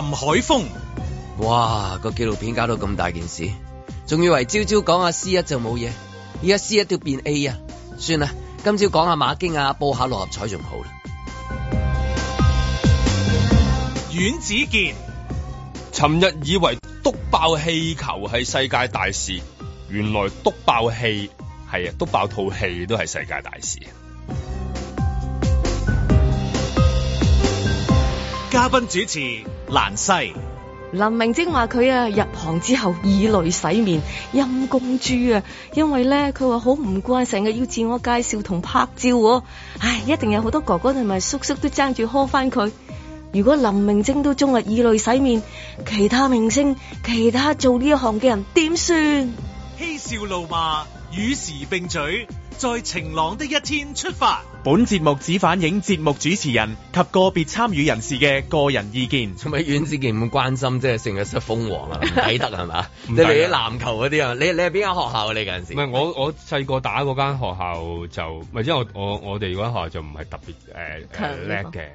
林海峰，哇！那個紀錄片搞到咁大件事，仲以為朝朝講阿 C 一就冇嘢，依家 C 一跳變 A 了算了今早馬京啊！算啦，今朝講下馬經啊報下六合彩仲好啦。阮子健，尋日以為篤爆氣球係世界大事，原來篤爆氣係啊，篤爆套氣都係世界大事。嘉賓主持。蘭西林明禎話佢啊入行之後以淚洗面陰公豬啊，因為咧佢話好唔慣成日要自我介紹同拍照，唉，一定有好多哥哥同埋叔叔都爭住呵返佢。如果林明禎都中啊以淚洗面，其他明星其他做呢一行嘅人點算？嬉笑怒罵與時並舉，在晴朗的一天出發。本節目只反映節目主持人及個別參與人士嘅個人意見。做咩袁子健咁關心即係聖約瑟蜂王啊？唔抵得係咪？你嚟啲籃球嗰啲啊？你係邊間學校啊？你嗰陣時？唔係我我細個打嗰間學校就，唔係因為我我我哋嗰間學校就唔係特別叻嘅。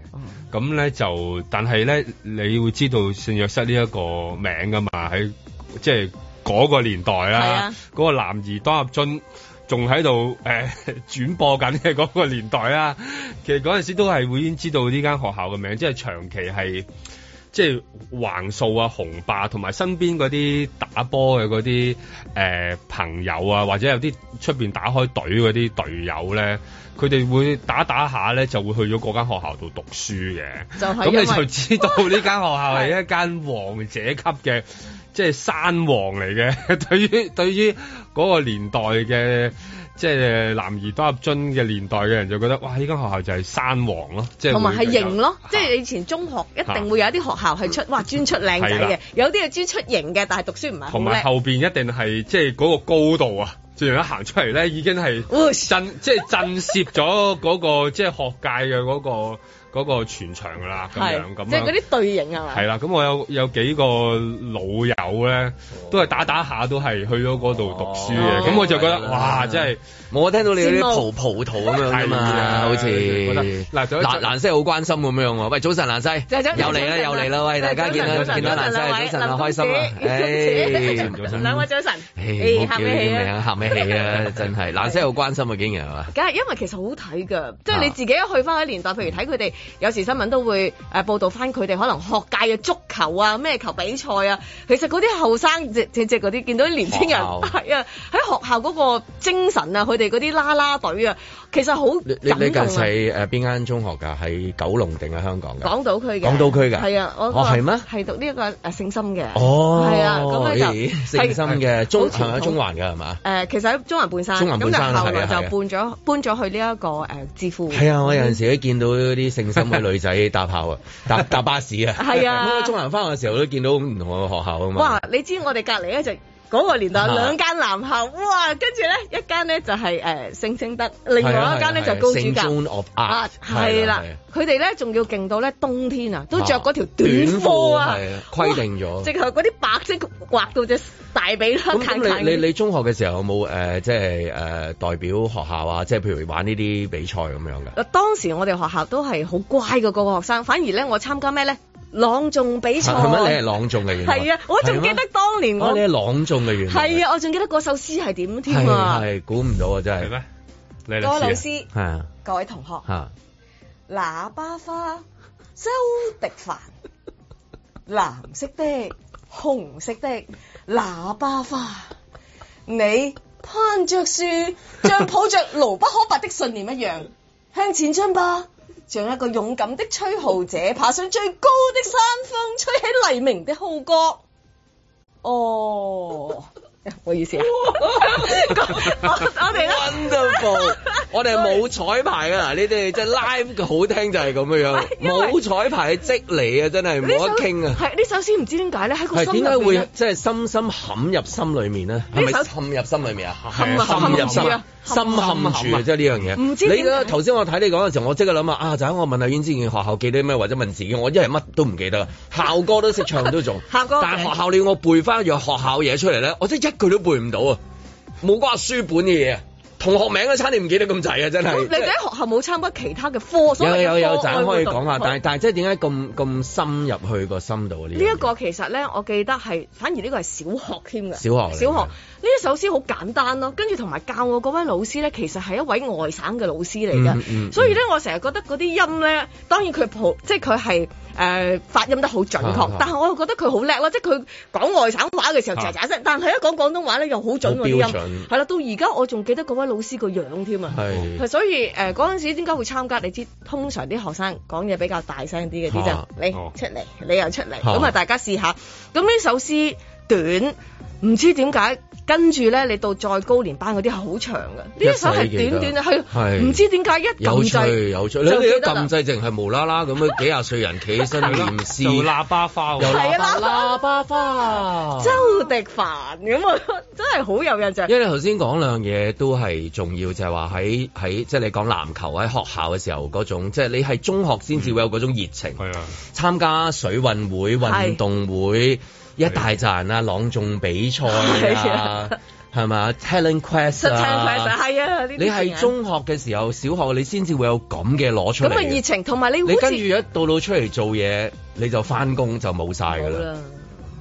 咁、呃、呢，呃呃、 就，但係呢，你會知道聖約瑟呢一個名㗎嘛？喺即係嗰個年代啦、啊，嗰 個男兒當入樽。仲喺度誒轉播緊嘅嗰個年代啦、啊，其實嗰陣時都係會已經知道呢間學校嘅名，即係長期係即係橫掃啊、紅霸，同埋身邊嗰啲打波嘅嗰啲誒朋友啊，或者有啲出面打開隊嗰啲隊友咧，佢哋會打打下咧，就會去咗嗰間學校度讀書嘅，咁、就是、你就知道呢間學校係一間王者級嘅， 即係山王嚟嘅。對於對於。嗰、那個年代嘅即係男兒多入樽嘅年代嘅人就覺得哇！呢間學校就係山王咯，就是啊，即係同埋係型咯，即係以前中學一定會有一啲學校係出、啊、哇專出靚仔嘅，有啲係專出型嘅，但係讀書唔係好叻。同埋後邊一定係即係嗰個高度啊，即係一行出嚟咧已經係震即係 震懾咗嗰個即係、就是、學界嘅嗰、那個。嗰、那個全場噶啦，咁樣咁即係嗰啲隊形係嘛？係啦，咁我有有幾個老友咧，都係打打下都係去咗嗰度讀書嘅，咁、哦、我就覺得哇，真係我聽到你啲葡葡萄咁樣嘛啊，好似嗱，藍西好關心咁樣喎，喂，早晨藍西，又嚟啦，又嚟啦，喂，大家見到，見到藍西早晨啊，開心啊，誒、哎，兩位早晨，誒、哎，冇、哎、叫咩氣啊， 真係藍西好關心啊，竟然係嘛？梗係因為其實好睇㗎，即係你自己一去翻嗰年代，譬如睇佢哋。有時新聞都會誒報道翻佢哋可能學界嘅足球啊，咩球比賽啊，其實嗰啲後生直正正嗰啲，見到啲年輕人啊，喺學校嗰個精神啊，佢哋嗰啲啦啦隊啊，其實好感動、啊、你近世誒邊間中學㗎？喺九龍定係香港？港島區嘅。港島區嘅？係啊，我哦係咩？係讀呢一個誒聖心嘅。哦。係啊，咁咧就聖、欸、心嘅，中喺中環㗎係嘛？誒、呃，其實喺中環半山。中環半山。就搬咗搬咗去呢一個誒置富。係啊，我有陣時都見到啲聖。心 嘅女仔搭校啊，搭搭巴士 是啊，係啊，中南翻學嘅時候都見到唔同嘅學校啊嘛。哇，你知我哋隔籬咧就是、～嗰、那個年代兩間男校，哇！跟住咧一間咧就係誒聖貞德，另外一間咧就高主教，of Arc, 啊，係啦，佢哋咧仲要勁到咧冬天啊都着嗰條短褲啊，褲規定咗，淨係嗰啲白色刮到隻大髀啦、啊。你你你中學嘅時候有冇誒即係誒代表學校啊？即係譬如玩呢啲比賽咁樣嘅？嗱，當時我哋學校都係好乖嘅個學生，反而咧我參加咩咧？朗誦比賽，點、啊、解你係朗誦嘅原係啊，我仲記得當年我、啊啊、你係朗誦嘅原係啊，我仲記得嗰首詩係點添啊？係估唔到啊，真係咩？各位老師，係、啊、各位同學，啊、喇叭花，周迪凡，藍色的，紅色的，喇叭花， 叭花你攀着樹，像抱着牢不可拔的信念一樣，向前進吧。像一個勇敢的吹號者，爬上最高的山峰，吹起黎明的號角。哦，唔好意思啊 我，我哋我哋係冇彩排噶喇，你哋即係 live 好聽就係咁嘅樣，冇彩排即嚟啊！真係冇得傾啊！係呢，首先唔知點解咧，係點解會即係深深陷入心裏面咧？呢首係咪陷入心裏面啊！陷入心啊！深陷，陷，陷，陷，陷，陷住即係呢樣嘢。唔知你頭先我睇你講嘅時候，我即刻諗啊！就喺我問阿燕姿件學校記啲咩或者問自己，我一人乜都唔記得，校歌都識 唱都仲，校歌但係學校你你要我背翻樣學校嘢出嚟咧，我真係一句都背唔到啊！冇關書本嘅嘢。同學名嘅差啲唔記得咁滯啊！真係，你哋喺學校冇參加其他嘅科， 有有有陣間可以講下，但係但係即係點解咁咁深入去個深度呢？呢一個其實咧，我記得係反而呢個係小學添㗎，小學小學呢一首詩好簡單咯。跟住同埋教我嗰位老師咧，其實係一位外省嘅老師嚟嘅、嗯嗯嗯，所以咧我成日覺得嗰啲音咧，當然佢即係佢係。誒、呃、發音得好準確，啊、但係我又覺得佢好叻咯，即係佢講外省話嘅時候喳喳聲，但係一講廣東話咧又好準啲、啊、音，係啦，到而家我仲記得嗰位老師個樣添啊，係，所以誒嗰陣時點解會參加？你知通常啲學生講嘢比較大聲啲嘅啲就你、是、出嚟、啊，你又出嚟，咁啊大家試下，咁呢首詩短，唔知點解。跟住咧，你到再高年班嗰啲係好長嘅，呢啲手係短短嘅，係唔知點解一有出有出，你都撳掣淨係無啦啦咁樣幾廿歲人企起身面試喇叭花，又拉又拉喇叭花，周迪凡咁啊，真係好有印象。因為你頭先講兩樣嘢都係重要，就係話喺喺即係你講籃球喺學校嘅時候嗰種，即係你係中學先至會有嗰種熱情，係啊，參加水運會運動會。 一大扎人啊！朗誦比賽啊，係 啊 Talent Quest，Talent Quest 係啊你係中學嘅時候，小學你先至會有咁嘅攞出嚟。咁啊熱情，同埋你你跟住一路到出嚟做嘢，你就翻工就冇晒㗎啦。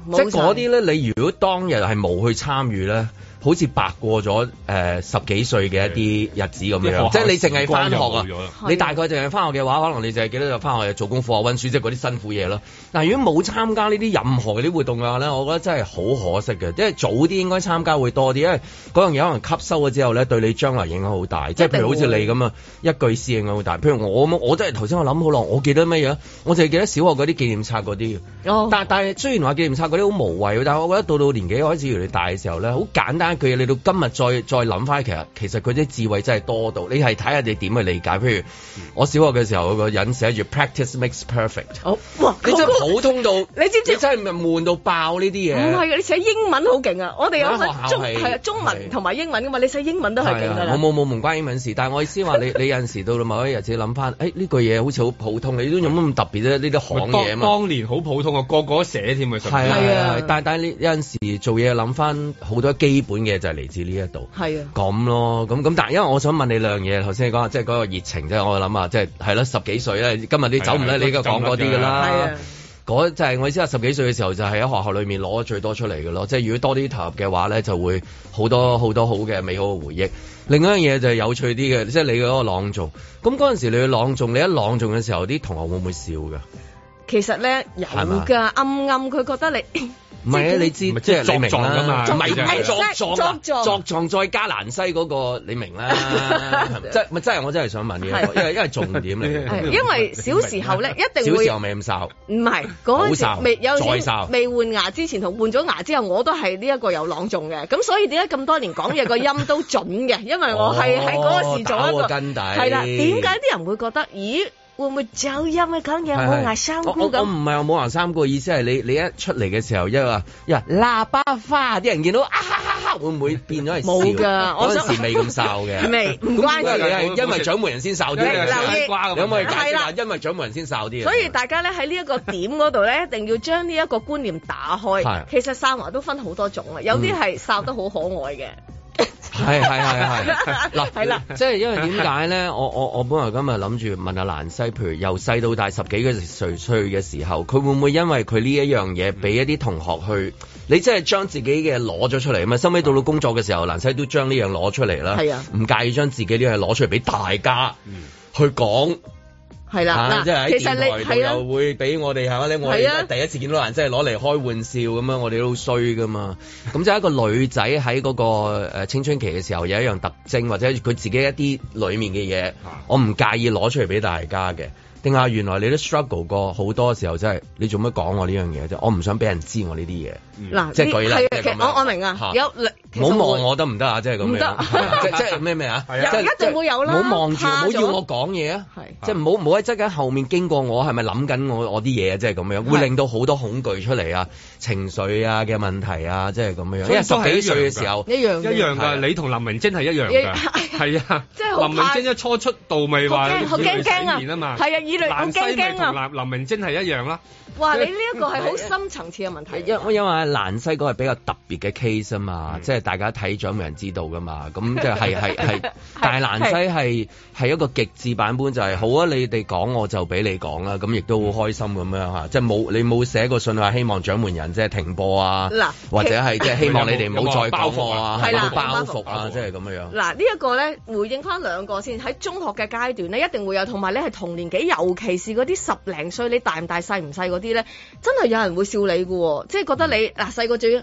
即係嗰啲咧，你如果當日係冇去參與咧。好似白過咗誒、呃、十幾歲嘅一啲日子咁樣，即係你淨係翻學啊，你大概淨係翻學嘅話，可能你就記得翻學又做功課、啊、溫書，即係嗰啲辛苦嘢咯。但係，如果冇參加呢啲任何嗰啲活動嘅話咧，我覺得真係好可惜嘅，即係早啲應該參加會多啲，因為嗰樣嘢可能吸收咗之後咧，對你將來影響好大。即係譬如好似你咁啊，一句詩影響好大。譬如我我真係頭先我諗好耐，我記得乜嘢？我淨係記得小學嗰啲紀念冊嗰啲、哦。但係但係雖然話紀念冊嗰啲好無謂，但我覺得到到年紀開始越嚟大嘅時候咧，好簡單。佢嘢嚟到今日再再諗翻，其實其實佢啲智慧真係多到，你係睇下你點去理解。譬如我小學嘅時候人，個人寫住 practice makes perfect、哦。哇，你真係普通到，你知唔知真係悶到爆呢啲嘢？唔係啊，你寫英文好勁啊！我哋有中學係啊，中文同埋英文噶嘛，啊、你寫英文都係勁啊！我冇冇冇唔關英文事，但係我意思話你你有陣時候到咗某一日，自己諗翻，誒、這、呢句嘢好似好普通，你都用得咁特別咧？呢啲行嘢嘛，當年好普通寫是是啊，個個都寫添啊！係啊，但係但係呢呢陣時做嘢諗翻好多基本。嘅就係、是、嚟自呢一度，係啊，咁咯，咁咁，但係因為我想問你兩嘢，頭先你講即係嗰個熱情，即係我諗下，即係係咯，十幾歲咧，今日你走唔甩你嘅講嗰啲噶啦，啊，就係我意思啊，十幾歲嘅、啊啊就是、時候就係喺學校裏面攞最多出嚟嘅咯，即係如果多啲投入嘅話咧，就會好多，多好多好嘅美好嘅回憶。另一樣嘢就係有趣啲嘅，即係你嗰個朗誦。咁嗰陣時你去朗誦，你一朗誦嘅時候，啲同學會唔會笑㗎？其實咧有噶，暗暗佢覺得你唔係啊！你知即係作狀㗎嘛？唔係作作作作作作再加南西嗰個，你明啦？即係咪真係我真係想問你，因為因為重點嚟，因為小時候咧一定會小時候未咁瘦，唔係嗰陣時未有陣時未換牙之前同換咗牙之後，我都係呢一個有朗誦嘅。咁所以點解咁多年講嘢個音都準嘅？因為我係喺嗰個時做一個，係啦。點解啲人會覺得咦？會唔會走音啊？咁樣冇牙三姑咁，我我唔係話冇牙三姑，意思係你你一出嚟嘅時候，一話一話喇叭花，啲人見到會唔會變咗係冇噶？我係未咁哨嘅，未唔關事。咁因為你係因為掌門人先哨啲，因為因為掌門人先哨啲。所以大家咧喺呢一個點嗰度咧，一定要將呢一個觀念打開。其實哨牙都分好多種嘅，有啲係哨得好可愛嘅。係係係係嗱，係係係係啦係啦即係因為點解咧？ 我我我本來今日諗住問阿蘭西，譬如由細到大十幾歲歲嘅時候，佢會唔會因為佢呢一樣嘢，俾一啲同學去，你真係將自己嘅攞咗出嚟啊嘛！收尾到到工作嘅時候，蘭 西都將呢樣攞出嚟啦，係啊，唔介意將自己啲嘢攞出嚟俾大家去講。係啦，嗱，其實你係啊，喺電台度又會俾我哋係嘛咧？我哋第一次見到人即係攞嚟開玩笑咁樣，我哋都好衰噶嘛。咁即係一個女仔喺嗰個青春期嘅時候有一樣特徵，或者佢自己一啲裡面嘅嘢，我唔介意攞出嚟俾大家嘅。定下，原來你都 struggle 過好多時候，真、就、係、是、你做乜講我呢樣嘢啫？我唔想俾人知我呢啲嘢。嗱、嗯，即係舉例，即係我明啊，有唔好望我得唔得啊？即係咁樣，得，即係咩咩啊？又一定會有啦！冇望住，冇要我講嘢啊！即係唔好唔好喺側緊後面經過我，係咪諗緊我我啲嘢？即係咁樣，會令到好多恐懼出嚟啊，情緒啊嘅問題啊、就是，即係咁樣。即係十幾歲嘅時候，一樣一樣，一樣，你同林明晶係一樣㗎，係、哎、啊，即係林明晶一初出道咪話要嚟上啊嘛，啊。南西同林林明晶係一樣啦。哇、啊！你呢一個係好深層次嘅問題， 因為南西嗰個係比較特別嘅 case 啊嘛，嗯、即係大家睇掌門人知道噶嘛。咁、嗯嗯、即係係，係 係，但係南西係係一個極致版本、就是，就係好啊！你哋講我就俾你講啦。咁亦都好開心咁樣吓，即係冇你冇寫過信話希望掌門人即係停播啊，或者係即係希望你哋唔好再包貨啊，唔好包袱啊，即係咁樣樣。嗱、這個、呢一個咧，回應翻兩個先。喺中學嘅階段咧，一定會有，同埋你係童年期有。尤其是嗰啲十零歲，你大唔大、細唔細嗰啲呢，真係有人會笑你嘅，即係覺得你嗱細個最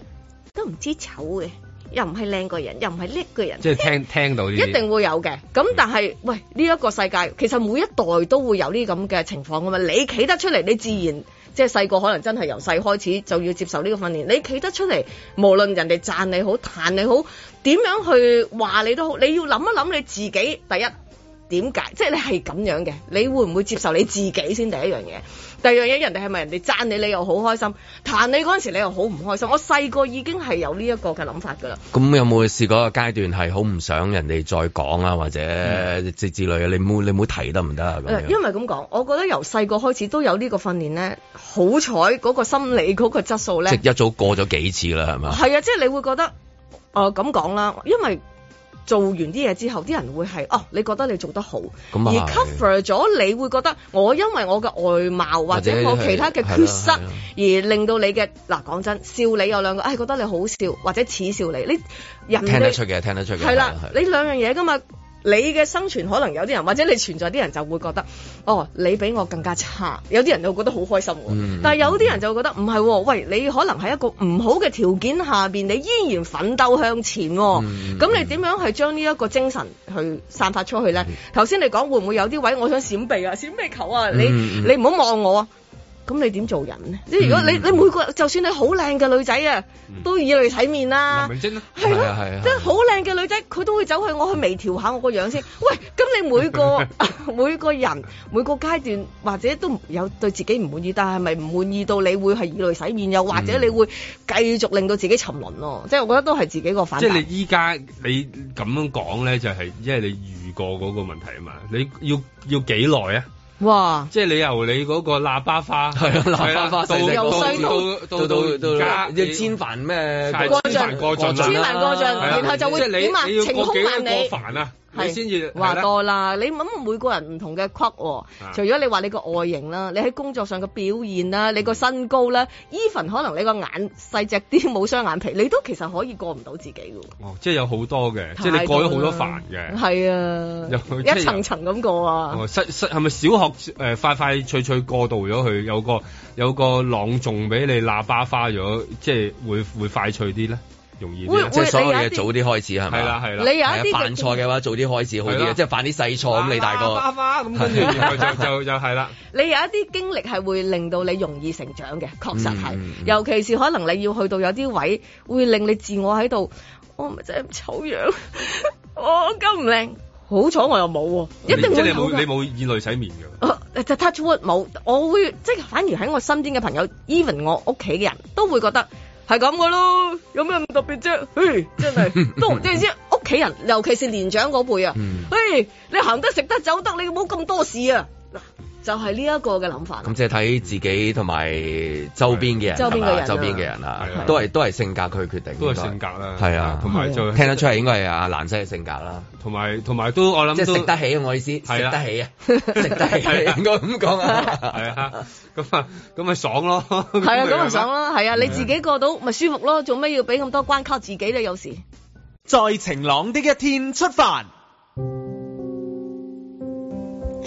都唔知醜嘅，又唔係靚個人，又唔係叻個人，即係聽聽到一定會有嘅。咁但係喂，呢、這、一個世界其實每一代都會有呢咁嘅情況噶嘛。你企得出嚟，你自然、嗯、即係細個可能真係由細開始就要接受呢個訓練。你企得出嚟，無論人哋讚你好、彈你好、點樣去話你都好，你要諗一諗你自己第一。點解？即係你係咁樣嘅，你會唔會接受你自己先？第一樣嘢，第二樣嘢，人哋係咪人哋讚你，你又好開心；彈你嗰陣時，你又好唔開心。我細個已經係有呢一個嘅諗法㗎啦。咁有冇試過個階段係好唔想人哋再講啊，或者即之類嘅？你冇你冇提得唔得啊咁？因為咁講，我覺得由細個開始都有這個訓練呢個訓練咧，好彩嗰個心理嗰個質素咧。即一早過咗幾次啦，係嘛？係啊，即係你會覺得，誒咁講啦，因為。做完啲嘢之後，啲人會係哦，你覺得你做得好，嗯、而 cover 咗，你會覺得我因為我嘅外貌或者我其他嘅缺失而令到你嘅嗱，講、啊、真笑你有兩個，誒、哎、覺得你好笑或者恥笑你，你人聽得出嘅，聽得出嘅，係啦，你兩樣嘢噶嘛。你嘅生存可能有啲人，或者你存在啲人就會覺得，哦，你比我更加差。有啲人、嗯、人就會覺得好開心，但係有啲人就會覺得唔係，喂，你可能喺一個唔好嘅條件下邊，你依然奮鬥向前，哦。咁、嗯、你點樣係將呢一個精神去散發出去咧？頭、嗯、先你講會唔會有啲位我想閃避啊？閃避球啊？嗯、你你唔好望我啊！咁你點做人咧？即係如果你你每個就算你好靚嘅女仔啊，都以淚洗面啦，係咯，係啊，即係好靚嘅女仔，佢都會走去我去微調下我個樣先。喂，咁你每個每個人每個階段或者都有對自己唔滿意，但係係咪唔滿意到你會係以淚洗面，又或者你會繼續令到自己沉淪咯？即係我覺得都係自己個反應。即係你依家你咁樣講咧，就係因為你遇過嗰個問題啊嘛？你要要幾耐啊？哇！即係你由你嗰個喇叭花，係咯，喇叭花到到到到到即係煎飯咩過盡過盡過盡，然後、啊啊、就會萬晴空萬里。係先至話多啦，你諗每個人唔同嘅 cut 除咗你話你個外形啦，你喺工作上嘅表現啦，你個身高啦 even 可能你個眼細只啲，冇雙眼皮，你都其實可以過唔到自己嘅。哦，即係有好多嘅，即係你過咗好多煩嘅。係啊，一層層咁過啊。哦，係咪小學、呃、快快脆脆過渡咗去，有個有個朗誦俾你喇叭花咗，即係會,會快脆啲咧？容易會會，即係所有嘢早啲開始係咪？係啦係啦，你有一啲犯錯嘅話，早啲開始好啲即係犯啲細錯咁，你大個。花花咁跟住就就就係 啦。 你有一啲經歷係會令到你容易成長嘅，確實係、嗯。尤其是可能你要去到有啲位，會令你自我喺度，我咪真係醜樣， 我咁唔靚。好彩我又冇喎，一定即係你冇你冇以淚洗面嘅。誒、uh，touch wood 冇。我會即係反而喺我身邊嘅朋友，even 我屋企嘅人都會覺得。係咁嘅咯，有咩咁特別啫？嘿，真係都唔知係屋企人，尤其是年長嗰輩啊！嗯，嘿，你行得食得走得，你有冇咁多事啊！就係呢一個嘅諗法。咁即係睇自己同埋周邊嘅人啦、嗯，周邊嘅人啦、啊啊啊啊，都係都係性格佢決定，都係性格啦，係啊，同埋最聽得出嚟應該係阿蘭西嘅性格啦。同埋同埋都我諗都食、就是、得起我意思食、啊、得起啊，食得起、啊、應該咁講啊，係啊，咁啊咁咪爽咯。係啊，咁咪爽咯。係 啊， 啊， 啊，啊，你自己過到咪、啊、舒服咯？做咩要俾咁多關卡自己咧？有時在晴朗的一天出發。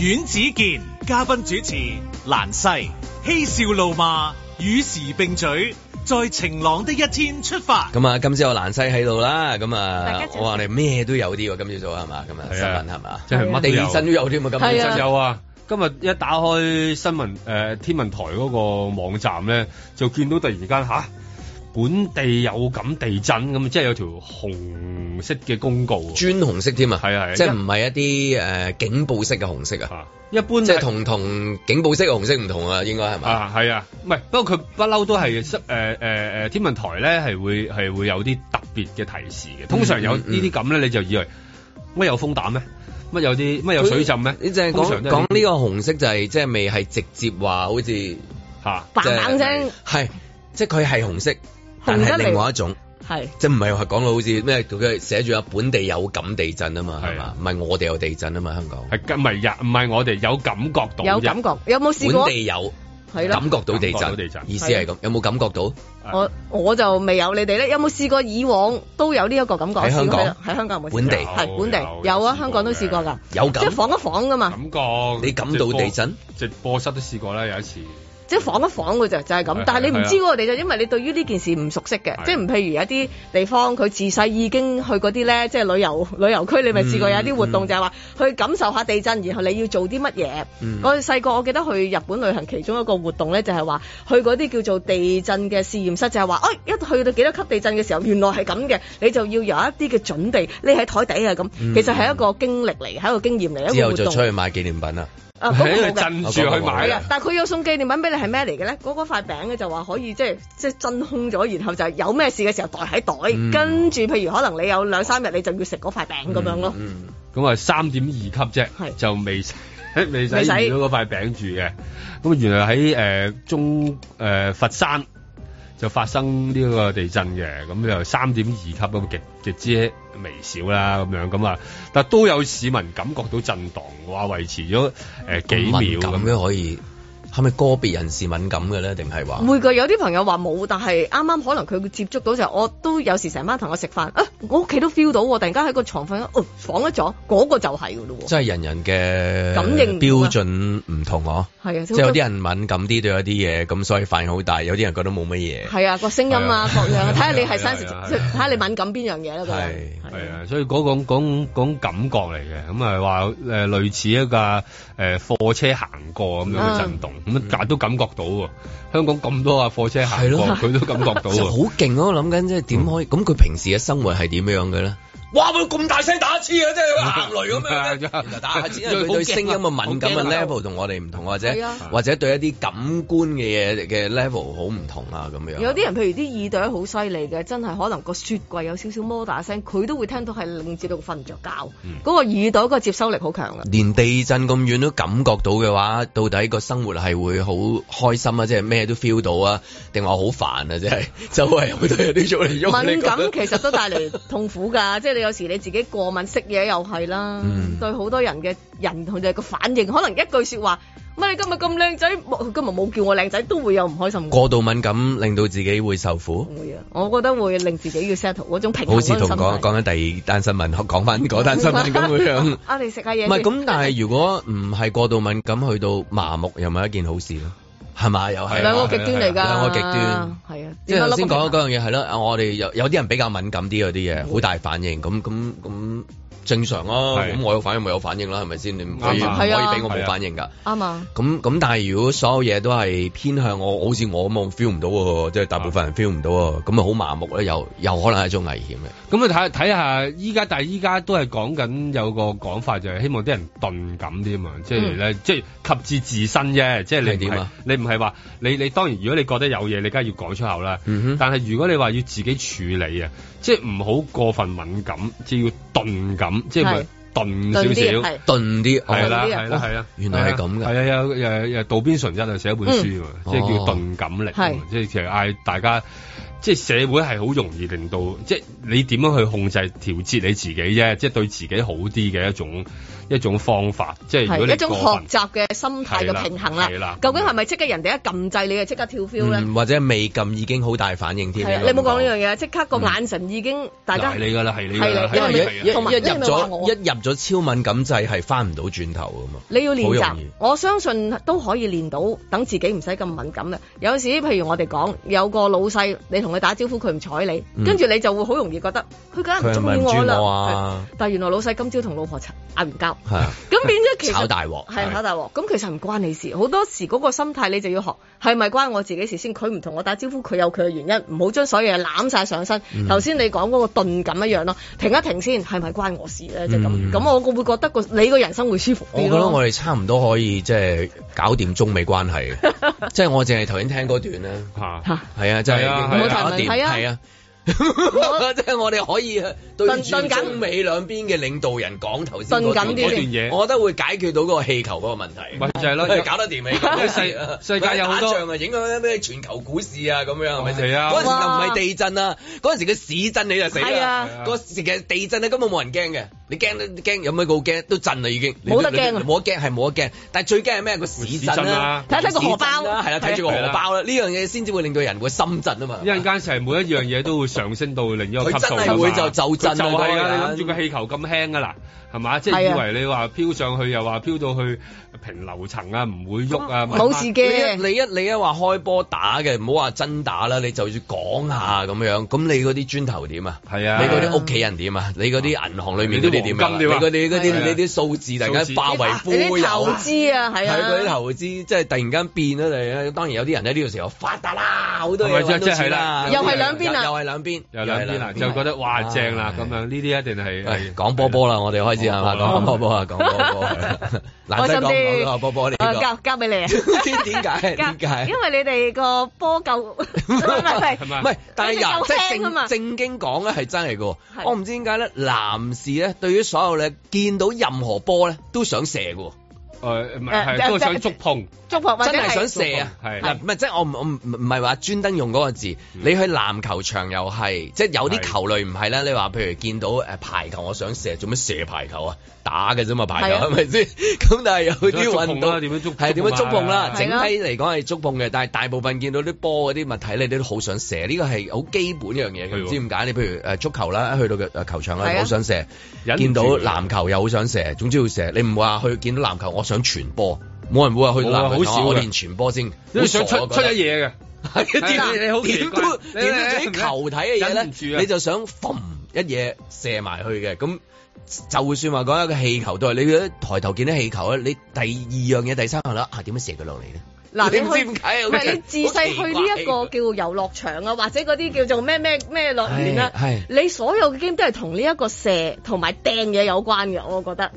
阮子健嘉賓主持，蘭西嬉笑怒罵，與時並舉，在晴朗的一天出發。咁、嗯嗯、啊，今朝有蘭西喺度啦，咁啊，我話你咩都有啲，今朝早係嘛？咁啊，新聞係嘛？即係乜都有，地震都有添啊！今日真有、啊、有啊！今日一打開新聞誒、呃、天文台嗰個網站咧，就見到突然間吓。啊本地有感地震咁，即係有條紅色嘅公告，磚紅色添啊！係啊係，即係唔係一啲誒、嗯呃、警報式嘅紅色啊？一般即係同同警報式嘅紅色唔同啊，應該係嘛？啊係啊，唔係。不過佢不嬲都係誒誒誒天文台咧，係會係會有啲特別嘅提示嘅。通常有呢啲咁咧，你就以為乜有風蛋咩？乜有啲乜有水浸咩？你淨係講通常講呢個紅色就係、是、即係未係直接話好似嚇砰砰聲即係佢係紅色。但係另外一種，係即係唔係話講到好似咩？佢寫住啊，本地有感地震啊嘛，係嘛？唔係我哋有地震啊嘛，香港係咪？唔係唔係我哋有感覺到。有感覺，有冇試過？本地有，係啦，感覺到地震。地震，係。意思係咁，有冇感覺到？我我就未有，你哋咧有冇試過？以往都有呢一個感覺喺香港，喺香港冇。本地係本地有啊，香港都試過㗎，有感即係晃一晃㗎嘛。感覺你感到地震？直播，直播室都試過啦，有一次。即係仿一仿噶就就係咁。但係你唔知喎、啊，你就因為你對於呢件事唔熟悉嘅，即係唔譬如，有一啲地方佢自細已經去嗰啲咧，即係旅遊旅遊區，你咪試過有一啲活動，嗯嗯、就係、是、話去感受下地震，然後你要做啲乜嘢。我細個我記得去日本旅行，其中一個活動咧就係、是、話去嗰啲叫做地震嘅試驗室，就係、是、話，哎，一去到幾多級地震嘅時候，原來係咁嘅，你就要有一啲嘅準備，匿喺台底啊咁、嗯嗯，就是。其實係一個經歷嚟，係一個經驗嚟。之後就出去買紀念品啦。啊！嗰、嗰個鎮住去買嘅、啊嗰個，但佢要送紀念品俾你係咩嚟嘅咧？嗰嗰塊餅咧就話可以即係即係真空咗，然後就有咩事嘅時候袋喺袋，嗯、跟住譬如可能你有兩三日你就要食嗰塊餅咁樣咯。咁啊三點二級啫，就未未使到嗰塊餅住嘅。咁原來喺、呃、中誒、呃、佛山就發生呢個地震嘅，咁就三點二級咁極極之。微小啦咁樣咁啊，但都有市民感覺到震盪，話維持咗誒、呃、幾秒咁樣可以，係咪個別人士敏感嘅咧？定係話？唔會㗎，有啲朋友話冇，但係啱啱可能佢接觸到就，我都有時成班同我食飯啊，我屋企都 feel 到我，我突然間喺個床瞓，哦，晃一咗，嗰、嗰個就係噶咯。即係人人嘅感應標準唔同，嗬。係啊，即係、啊啊、有啲人敏感啲對一啲嘢，咁所以反應好大，有啲人覺得冇乜嘢。係啊，個聲音啊，啊，各樣，睇 下你係睇下你敏感邊樣嘢咧咁係啊，所以嗰個講講感覺嚟嘅，咁啊話誒類似一架誒貨、呃、車行過咁樣嘅震動，咁但係都感覺到，香港咁多架貨車行過，佢都感覺到，好勁啊！諗緊即係點可以？咁、嗯、佢平時嘅生活係點樣嘅咧？哇！會咁大聲打黐啊，真係行雷咁樣。 打黐、啊， 因為佢對聲音嘅敏感嘅 level 同我哋唔同， 或者 或者對一啲感官嘅嘢嘅 level 好唔同啊，咁樣。有啲人譬如啲耳朵好犀利嘅，真係可能個雪櫃有少少摩打聲，佢都會聽到係令至到瞓唔着覺。嗰、嗯嗰個耳朵、嗰個接收力好強啦。連地震咁遠都感覺到嘅話，到底個生活係會好開心啊？即係咩都 feel 到啊？定話好煩啊？即、就、係、是、周圍對多有啲咗。敏感其實都帶嚟痛苦㗎， 即係有時你自己過敏食嘢又係啦，嗯、對好多人嘅人佢哋個反應，可能一句說話，乜你今日咁靚仔，今日冇叫我靚仔都會有唔開心。過度敏感令到自己會受苦，會啊，我覺得會令自己要 set 嗰種平衡。好似同講講緊第二單新聞，講翻嗰單新聞咁樣。啊 這樣，你食下嘢。唔係咁，但係如果唔係過度敏感去到麻木，又咪一件好事咯。係嘛？又係兩個極端嚟㗎，兩個極端係啊。啊啊啊啊啊啊即係頭先講咗嗰樣嘢係咯。我哋有有啲人比較敏感啲嗰啲嘢，好大反應。咁咁咁。正常咯、啊，咁我有反應咪有反應啦，係咪先？你唔可以俾我冇反應㗎？啱啊。咁咁，但係如果所有嘢都係偏向我，好似我咁喎，feel 唔到喎，即係大部分人 feel 唔到喎，咁咪好麻木咧，又又可能係一種危險嘅。咁你睇睇下依家，但係依家都係講緊有個講法就係希望啲人頓感啲嘛、就是嗯，即係咧，即係及至自身啫，即係你點啊？你唔係話你你當然如果你覺得有嘢，你梗係要講出口啦、嗯。但係如果你話要自己處理啊。即係唔好過分敏感，即係要鈍感，即係咪鈍少少，鈍啲係啦係、啊、啦係啦，原來係咁嘅。係啊，又又又渡邊淳一就寫一本書㗎嘛、嗯，即係叫鈍感力，哦、即係其實嗌大家，即係社會係好容易令到，即係你點樣去控制調節你自己啫，即係對自己好啲嘅一種。一種方法，即係一種學習嘅心態嘅平衡啦。究竟係咪即刻人哋一撳掣，你就即刻跳 feel 咧、嗯？或者未撳已經好大反應添。你唔好講呢樣嘢，即刻個眼神已經大家係、嗯、你㗎啦，係你。係因為入咗一入咗超敏感掣，係翻唔到轉頭㗎嘛。你要練習，我相信都可以練到，等自己唔使咁敏感啦。有時譬如我哋講，有個老細，你同佢打招呼，佢唔睬你，跟、嗯、住你就會好容易覺得佢梗係唔中意我啦、啊。但係原來老細今朝同老婆嗌完交。係、啊，咁變咗其實炒大鑊，係、啊、炒大鑊。咁、啊啊、其實唔關你事，好、啊、多時嗰個心態你就要學，係咪關我自己事先？佢唔同我打招呼，佢有佢嘅原因。唔好將所有嘢攬晒上身。頭、嗯、先你講嗰個鈍感一樣咯，停一停先，係咪關我事咧、嗯？就咁、是，咁我會覺得個你個人生會舒服。我覺得我哋差唔多可以即係、就是、搞掂中美關係 即係我淨係頭先聽嗰段啦係 啊，啊，真係係啊。即 係 我哋可以對中美兩邊嘅領導人講頭先嗰段嘢，點點我覺得會解決到嗰個氣球嗰個問題。 就係是咯，因 搞得掂點你。世界有好多打仗啊，影響咩全球股市啊，咁樣係咪先啊？嗰陣時又唔係地震啊，嗰陣時嘅市震你就死啦。個、啊、時嘅地震咧根本冇人驚嘅。你驚都驚，有咩好驚？都震啦已經。冇得驚，冇得驚，係冇得驚。但係最驚係咩？個市震啦、啊，睇住、啊、個荷包啦，係啦、啊，睇住個荷包啦。呢樣嘢先至會令到人會心震啊嘛。一陣間成日每一樣嘢都會上升到另一個級數，佢真係會就就震啊！就係、係、啊！你諗住個氣球咁輕㗎啦，係咪？即係以為你話飄上去又話飄，飄到去平流層啊，唔會喐啊。冇、嗯、事嘅。你一你一話開波打嘅，唔好話真打啦，你就要講下咁樣。咁你嗰啲磚頭點啊？係啊。你嗰啲屋企人點啊？你嗰啲銀行裡面咁你啲嗰啲你啲數字突然間化為灰，投資啊，係啊，睇佢啲投資，即係突然間變咗你，當然有啲人喺呢個時候發達啦，好多嘢搵到錢啦，又係兩邊啊，又係兩邊，又兩邊啊，就覺得哇正啦，咁樣呢啲一定係講波波啦，我哋開始係咪啊？哦、波波啊，講、哦、波波，男、啊、講波波嚟講， 交交俾你啊！唔知點解？因為你哋個波夠唔係，但係正經講咧係真噶，我唔知點解咧，男士咧對於所有咧，見到任何波咧，都想射噶。誒、哦，係都、啊、想觸碰、啊、觸、啊、碰、啊啊啊、真係想射啊，係唔係？即係我唔我唔唔係話專登用嗰個字、嗯。你去籃球場又係，即、就、係、是、有啲球類唔係啦。你話譬如見到誒排球，我想射，做咩射排球啊？打嘅啫嘛，排球係咪先？咁、啊啊、但係有啲運動點樣觸碰、啊？係點樣觸碰啦、啊啊啊？整體嚟講係觸碰嘅，但係大部分見到啲波嗰啲物體你都好想射。呢個係好基本一樣嘢，唔、啊、知點解？你譬如誒足球啦，去到球場啦，好想射；見到籃球又好想射。總之要射，你唔話去見到籃球我，想傳播，冇人會話去到南邊啊，我連傳播先，你想出出 一嘢嘅，係點啊？點都點都做啲球體嘅嘢咧？你就想嘣一嘢射埋去嘅，咁就算話講一個氣球都係你。抬頭見啲氣球咧，你第二樣嘢、第三樣、啊、啦，係點樣射佢落嚟咧？嗱，點點解你自細去呢一個叫遊樂場啊，或者嗰啲叫做咩咩咩樂園啦？係、啊、你所有嘅經驗都係同呢一個射同埋掟嘢有關嘅，我覺得。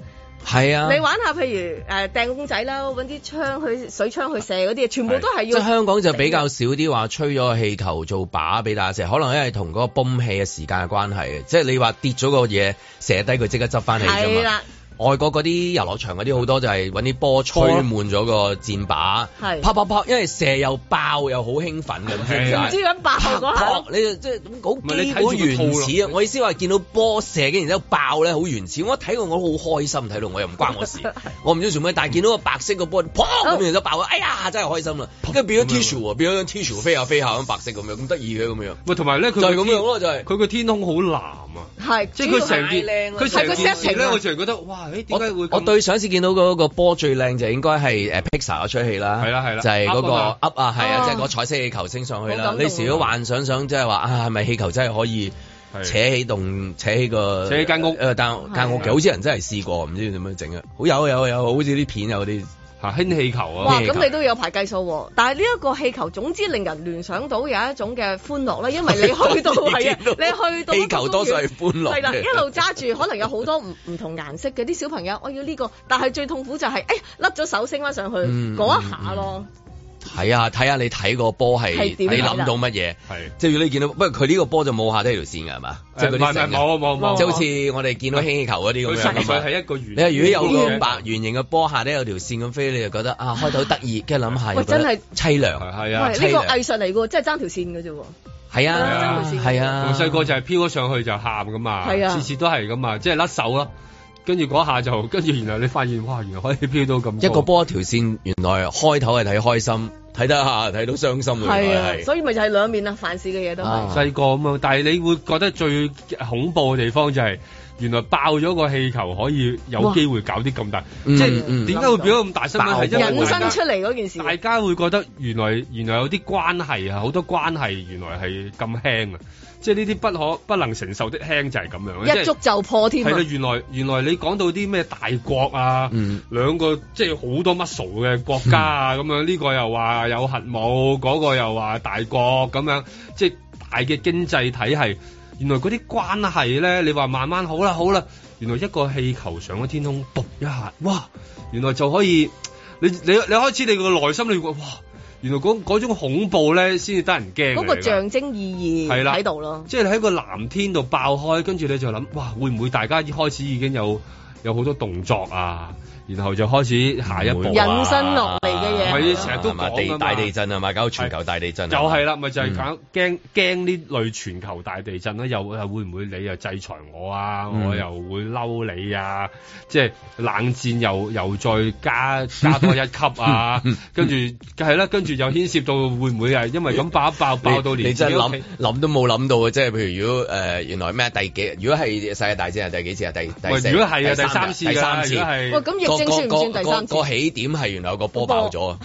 係啊，你玩下，譬如誒掟公仔啦，揾啲槍去水槍去射嗰啲，全部都係要。即係香港就比較少啲話吹咗氣球做靶俾大家射，可能因為同嗰個泵氣嘅時間嘅關係，即係你話跌咗個嘢射低佢即刻執翻嚟啫嘛。啊。外國嗰啲遊樂場嗰啲好多就係揾啲波吹滿咗個箭靶，啊，啪啪啪，因為射又爆又好興奮咁。唔、就是、知點爆你即係，咁講基本原始啊！我意思話見到波射跟住之後爆咧好原始，我睇到我好開心，睇到我又唔關我事， 我唔知做咩，但係見到個白色個波，砰咁樣就爆，哦、哎呀，真係開心啦，跟住變咗 Tissue，變咗 Tissue 飛下飛下咁白色咁、就是、樣，咁得意嘅咁樣。喂，同埋咧佢就係咁樣咯，就係佢個天空好藍啊，即係佢成件，佢成件事咧，我成日覺得哇～我我對上次見到嗰個波最靚就應該係 Pixar 出戲啦，係啦係啦，就係嗰個 Up 啊，係啊，即係個彩色氣球升上去啦。你如果幻想想即係話啊，係咪氣球真係可以扯起動，扯起個扯起間屋？但但係我好似人真係試過，唔知點樣整啊！好有有有，好似啲片有啲。嚇、啊，輕氣球啊！哇，咁你都有排計數，但係呢一個氣球，總之令人聯想到有一種嘅歡樂啦，因為你去到係啊， 你去到， 你去到氣球多數係歡樂嘅，一路揸住， 可能有好多唔唔同顏色嘅啲小朋友，我要呢、這個但係最痛苦就係、是，誒、哎，甩咗手升翻上去嗰、嗯、一下咯。嗯嗯。係啊，睇下你睇個波係你諗到乜嘢？係即係如果你見到，不過佢呢個波就冇下低條線㗎，係嘛？即係冇冇冇，即、就、係、是哎、好似我哋見到氫氣球嗰啲咁樣。佢純粹係一個圓。 你如果有個白圓形嘅波下低有條線咁飛，你就覺得啊開頭得意，跟住諗下，真係淒涼。係啊，呢個藝術嚟嘅，真係爭條線嘅啫。係啊，係啊。細個、啊啊啊啊、就係飄咗上去就喊噶嘛，次、啊、次都係噶嘛，即係甩手咯。跟住嗰下就，跟住原來你發現，哇！原來可以飄到咁。一個波條線，原來開頭係睇開心，睇得下，睇到傷心。係啊，所以咪就係兩面啊，凡事嘅嘢都係。細個咁啊，但係你會覺得最恐怖嘅地方就係，原來爆咗個氣球可以有機會搞啲咁大，即係點解會變咗咁大聲？係因為衍生出嚟嗰件事。大家會覺得原來原來有啲關係啊，好多關係原來係咁輕啊。即係呢啲不可不能承受的輕就係咁樣，一觸就破天。係啦、嗯，原來原來你講到啲咩大國啊，嗯、兩個即係好多 muscle 嘅國家啊，咁、嗯、樣呢、呢個又話有核武，嗰、嗰個又話大國咁樣，即係大嘅經濟體系。原來嗰啲關係咧，你話慢慢好啦好啦，原來一個氣球上咗天空，噥一下，哇！原來就可以，你你你開始你個內心你話哇～原來嗰嗰種恐怖咧，先至得人驚，嗰個象徵意義係啦。喺度咯，即係你喺個藍天度爆開，跟住你就諗：哇！會唔會大家一開始已經有有好多動作啊？然後就開始下一步、啊、引申落嚟嘅嘢，成日都唔係地大地震啊嘛，搞到全球大地震、啊，又係啦，咪就係驚驚呢類全球大地震啦、啊。又會唔會你又制裁我啊？嗯、我又會嬲你啊？即係冷戰又又再加加多一級啊？跟住係啦，跟住又牽涉到會唔會啊？因為咁爆一爆爆到連你，你真諗都冇諗到嘅，即係譬如如果誒原來咩第幾？如果係世界大戰啊，第幾次啊？第第四、如果啊、第三次、啊次，啊、次、第三次。喂，咁個算唔算第三個，個起點係原來有個爆波爆咗啊！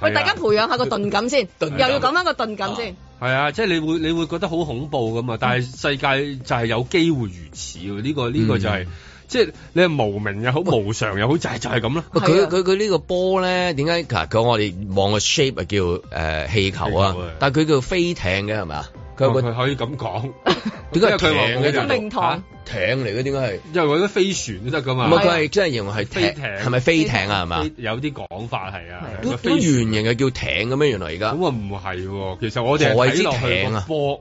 喂， 大家培養下個鈍感先，啊、又要講翻個鈍感先。係啊，即、就、係、是、你會你會覺得好恐怖噶嘛？嗯、但係世界就係有機會如此喎。呢、這個呢、這個就係即係你係無名又好，無常又好就是這樣，就係就係咁啦。佢佢佢呢個波咧，點解？其實我哋望個 shape 叫誒氣、呃、球啊，球但係佢叫飛艇嘅係咪啊？是不是佢佢可以咁講，點解係艇咧？名堂艇嚟嘅，點解係？因為我覺得飛船都得噶嘛。唔係，佢 係樂、嗯、真係形容係飛艇，係咪飛艇啊？係嘛、啊？有啲講法係啊，都都圓形嘅叫艇嘅咩？原來而家咁啊，唔係、啊啊。其實我哋係睇落去個波，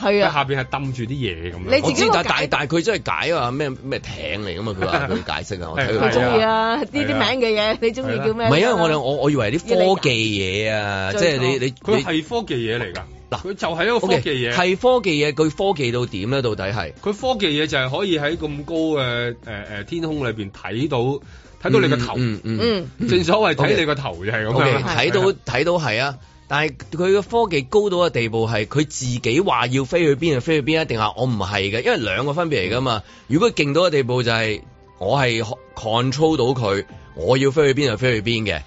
係啊，下邊係冚住啲嘢咁。你自己但但但佢真係解啊？咩咩艇嚟噶嘛？佢話佢解釋啊。我睇佢中意啊，呢啲名嘅嘢，你中意叫咩？唔係因為我我我以為啲科技嘢啊，即係你你佢係科技嘢嚟㗎。 嗱，佢就係一個科技嘢，係、okay, 科技嘢。佢科技到點咧？到底係佢科技嘢就係可以喺咁高嘅、呃、天空裏面睇到睇到你個頭，嗯嗯，嗯，正所謂睇、okay. 你個頭就係咁樣，睇、okay, 到睇到係啊！但係佢個科技高到嘅地步係佢自己話要飛去邊就飛去邊，一定係我唔係嘅，因為兩個分別嚟噶嘛。如果勁到嘅地步就係我係 control 到佢，我要飛去邊就飛去邊嘅。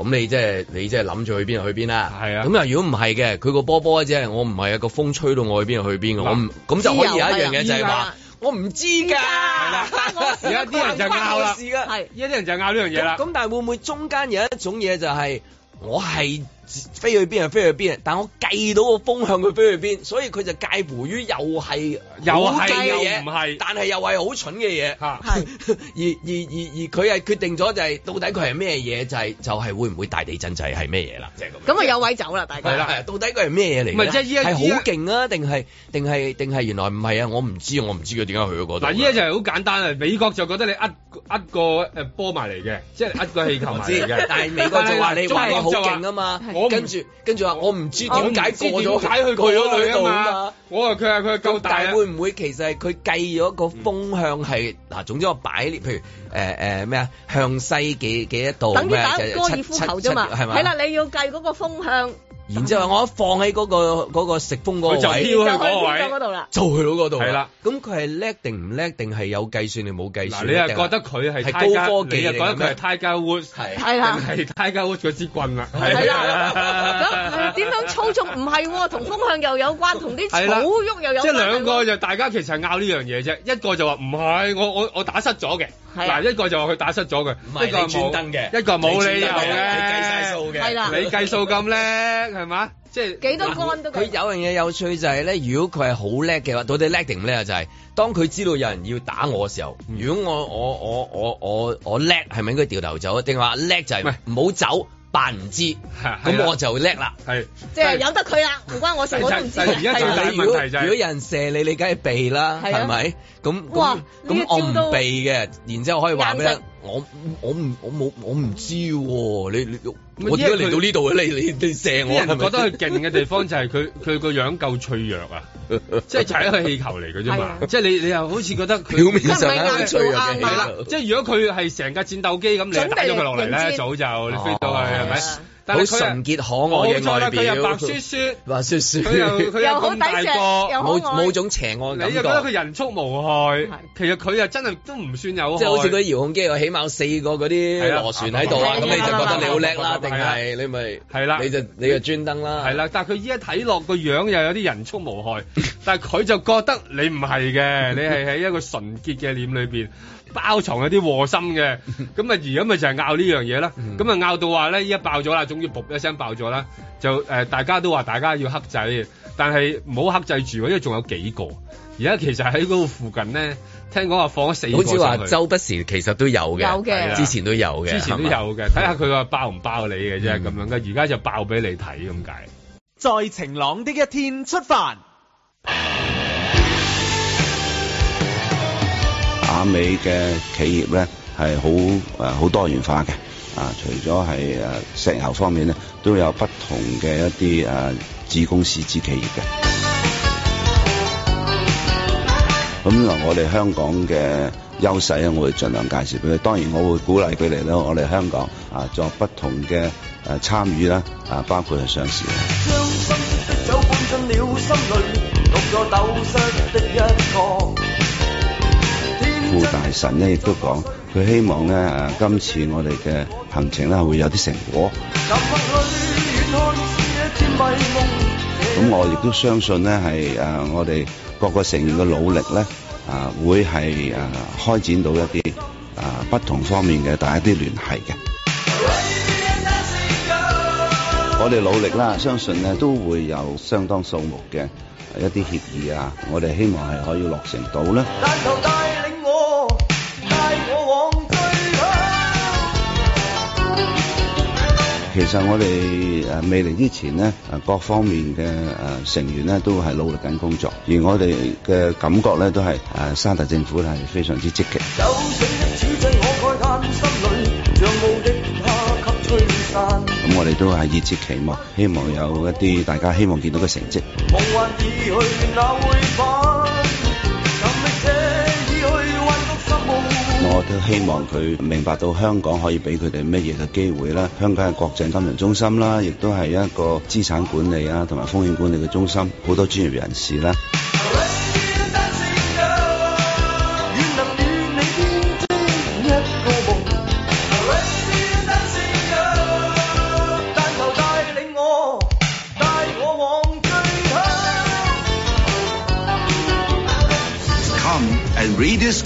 咁你即係你即係諗住去邊就去邊啦。係啊，咁啊如果唔係嘅，佢個波波即係我唔係一個風吹到我去邊就去邊嘅，我唔咁就可以有一樣嘢就係話我唔知㗎。而家啲人就拗啦，係，而家啲人就拗呢樣嘢啦。咁但係會唔會中間有一種嘢就係我係？飛去邊啊，飛去邊啊！但我計到個風向佢飛去邊，所以佢就介乎於又係又係嘅嘢，但係又係好蠢嘅嘢。吓、啊、而是而而而佢係決定咗就係到底佢係咩嘢，就係就係會唔會大地震就係咩嘢啦？咁。啊有位走啦，大家係啦，到底佢係咩嘢嚟？唔即係依一係好勁啊？定係定係定係原來唔係啊？我唔知我唔知佢點解去嗰度。嗱依一就係好簡單啊！美國就覺得你呃呃、就是、個誒波埋嚟嘅，即係呃個氣球嚟嘅。但係美國就話你, 你，說你，啊、中國好勁啊嘛。我跟住跟住話我唔知點解個個解去佢度啊嘛，我話佢話佢話夠大但會唔會？其實係佢計咗一個風向，係、嗯、嗱。總之我擺列譬如誒誒咩啊，向西幾幾多度，等於打高爾夫球啫嘛。係咪係啦？你要計 𠮶 個風向。然之後，我一放喺嗰、嗰個嗰個食風嗰位，就跳去嗰個位，就去到嗰度。係啦，咁佢係叻定唔叻，定係有計算定冇計算？你又覺得佢係高科技，你覺得佢係 Tiger Woods，係 Tiger Woods 支棍啦，係啦，係啊，點 樣操作？唔係同風向又有關，同啲草喐又有是。即係兩個就係、 大家其實係拗呢樣嘢啫。一個就話唔係，我我我打失咗嘅。嗱，一個就話佢打失咗嘅，一個冇，一個冇理由你計曬數嘅，你計數咁叻。 係嘛？即係幾多個都佢有樣嘢有趣就係、是、咧，如果佢係好叻嘅話，到底叻定唔叻啊？就係、是、當佢知道有人要打我嘅時候，如果我我我我我我叻，係咪應該掉頭走？定話叻就係唔好走，扮唔知，咁我就叻啦。係即係、就是、由得佢啦，唔關我事，我都唔知。而家最大問題、就是、如果有人射你，你梗係避啦，係咪？咁咁咁我唔避嘅，然之後可以話俾？我我唔我冇我唔知喎、啊，你你我點解嚟到呢度，你你你射我，係覺得佢勁嘅地方就係佢佢個樣夠脆弱啊？ 即係就係一個氣球嚟嘅啫嘛！即係你你又好似覺得表面上係脆弱嘅，係啦。即係如果佢係成架戰鬥機咁，你打咗佢落嚟咧，早就你飛到去係咪？啊是好純潔可愛嘅外表，白雪雪，白雪雪，佢又佢有咁 大個，冇冇種邪惡感覺。你就覺得佢人畜無害，其實佢又真係都唔算有，即係好似嗰啲遙控機，我起碼有四個嗰啲螺旋喺度啊，咁你就覺得你好叻啦，定係你咪係啦，你就你就專登啦。係啦，但係佢依家睇落個樣又有啲人畜無害， 但係佢就覺得你唔係嘅，你係喺一個純潔嘅臉裏邊 包藏有啲禍心嘅，咁啊而家咪就係拗、嗯、呢樣嘢啦，咁啊拗到話咧依家爆咗啦，要卟一聲爆咗啦，就誒、呃，大家都話大家要克制，但係唔好克制住，因為仲有幾個。而家其實喺嗰個附近咧，聽講話放咗四個。好似話周不時其實都有嘅，之前都有嘅，之前都有嘅，睇下佢話爆唔爆你嘅啫，咁、嗯、樣嘅。而家就爆俾你睇咁解。在晴朗的一天出發。阿美嘅企業咧係好誒，好、呃、多元化嘅。啊，除咗係誒石油方面咧，都有不同嘅一啲誒、啊、子公司、子企業嘅。咁、嗯、由我哋香港嘅優勢咧，我會盡量介紹畀你。當然，我會鼓勵佢哋咧，我哋香港啊作不同嘅誒參與啦，啊，啊包括係上市。酒了心失的一顧大神咧，亦都講，佢希望咧啊，今次我哋嘅行程咧，會有啲成果。咁我亦都相信咧，係誒我哋各個成員嘅努力咧，啊會係誒開展到一啲啊不同方面嘅大一啲聯繫嘅。我哋努力啦，相信咧都會有相當數目嘅一啲協議啊，我哋希望係可以落成到咧。其實我哋誒未嚟之前呢，誒各方面嘅誒成員呢都係努力緊工作，而我哋嘅感覺咧都係誒沙特政府係非常之積極。咁我哋都係熱切期望，希望有一啲大家希望見到嘅成績。都希望佢明白到香港可以俾佢哋乜嘢嘅機會啦。香港係國際金融中心啦，亦都係一個資產管理啊同埋風險管理嘅中心，好多專業人士啦。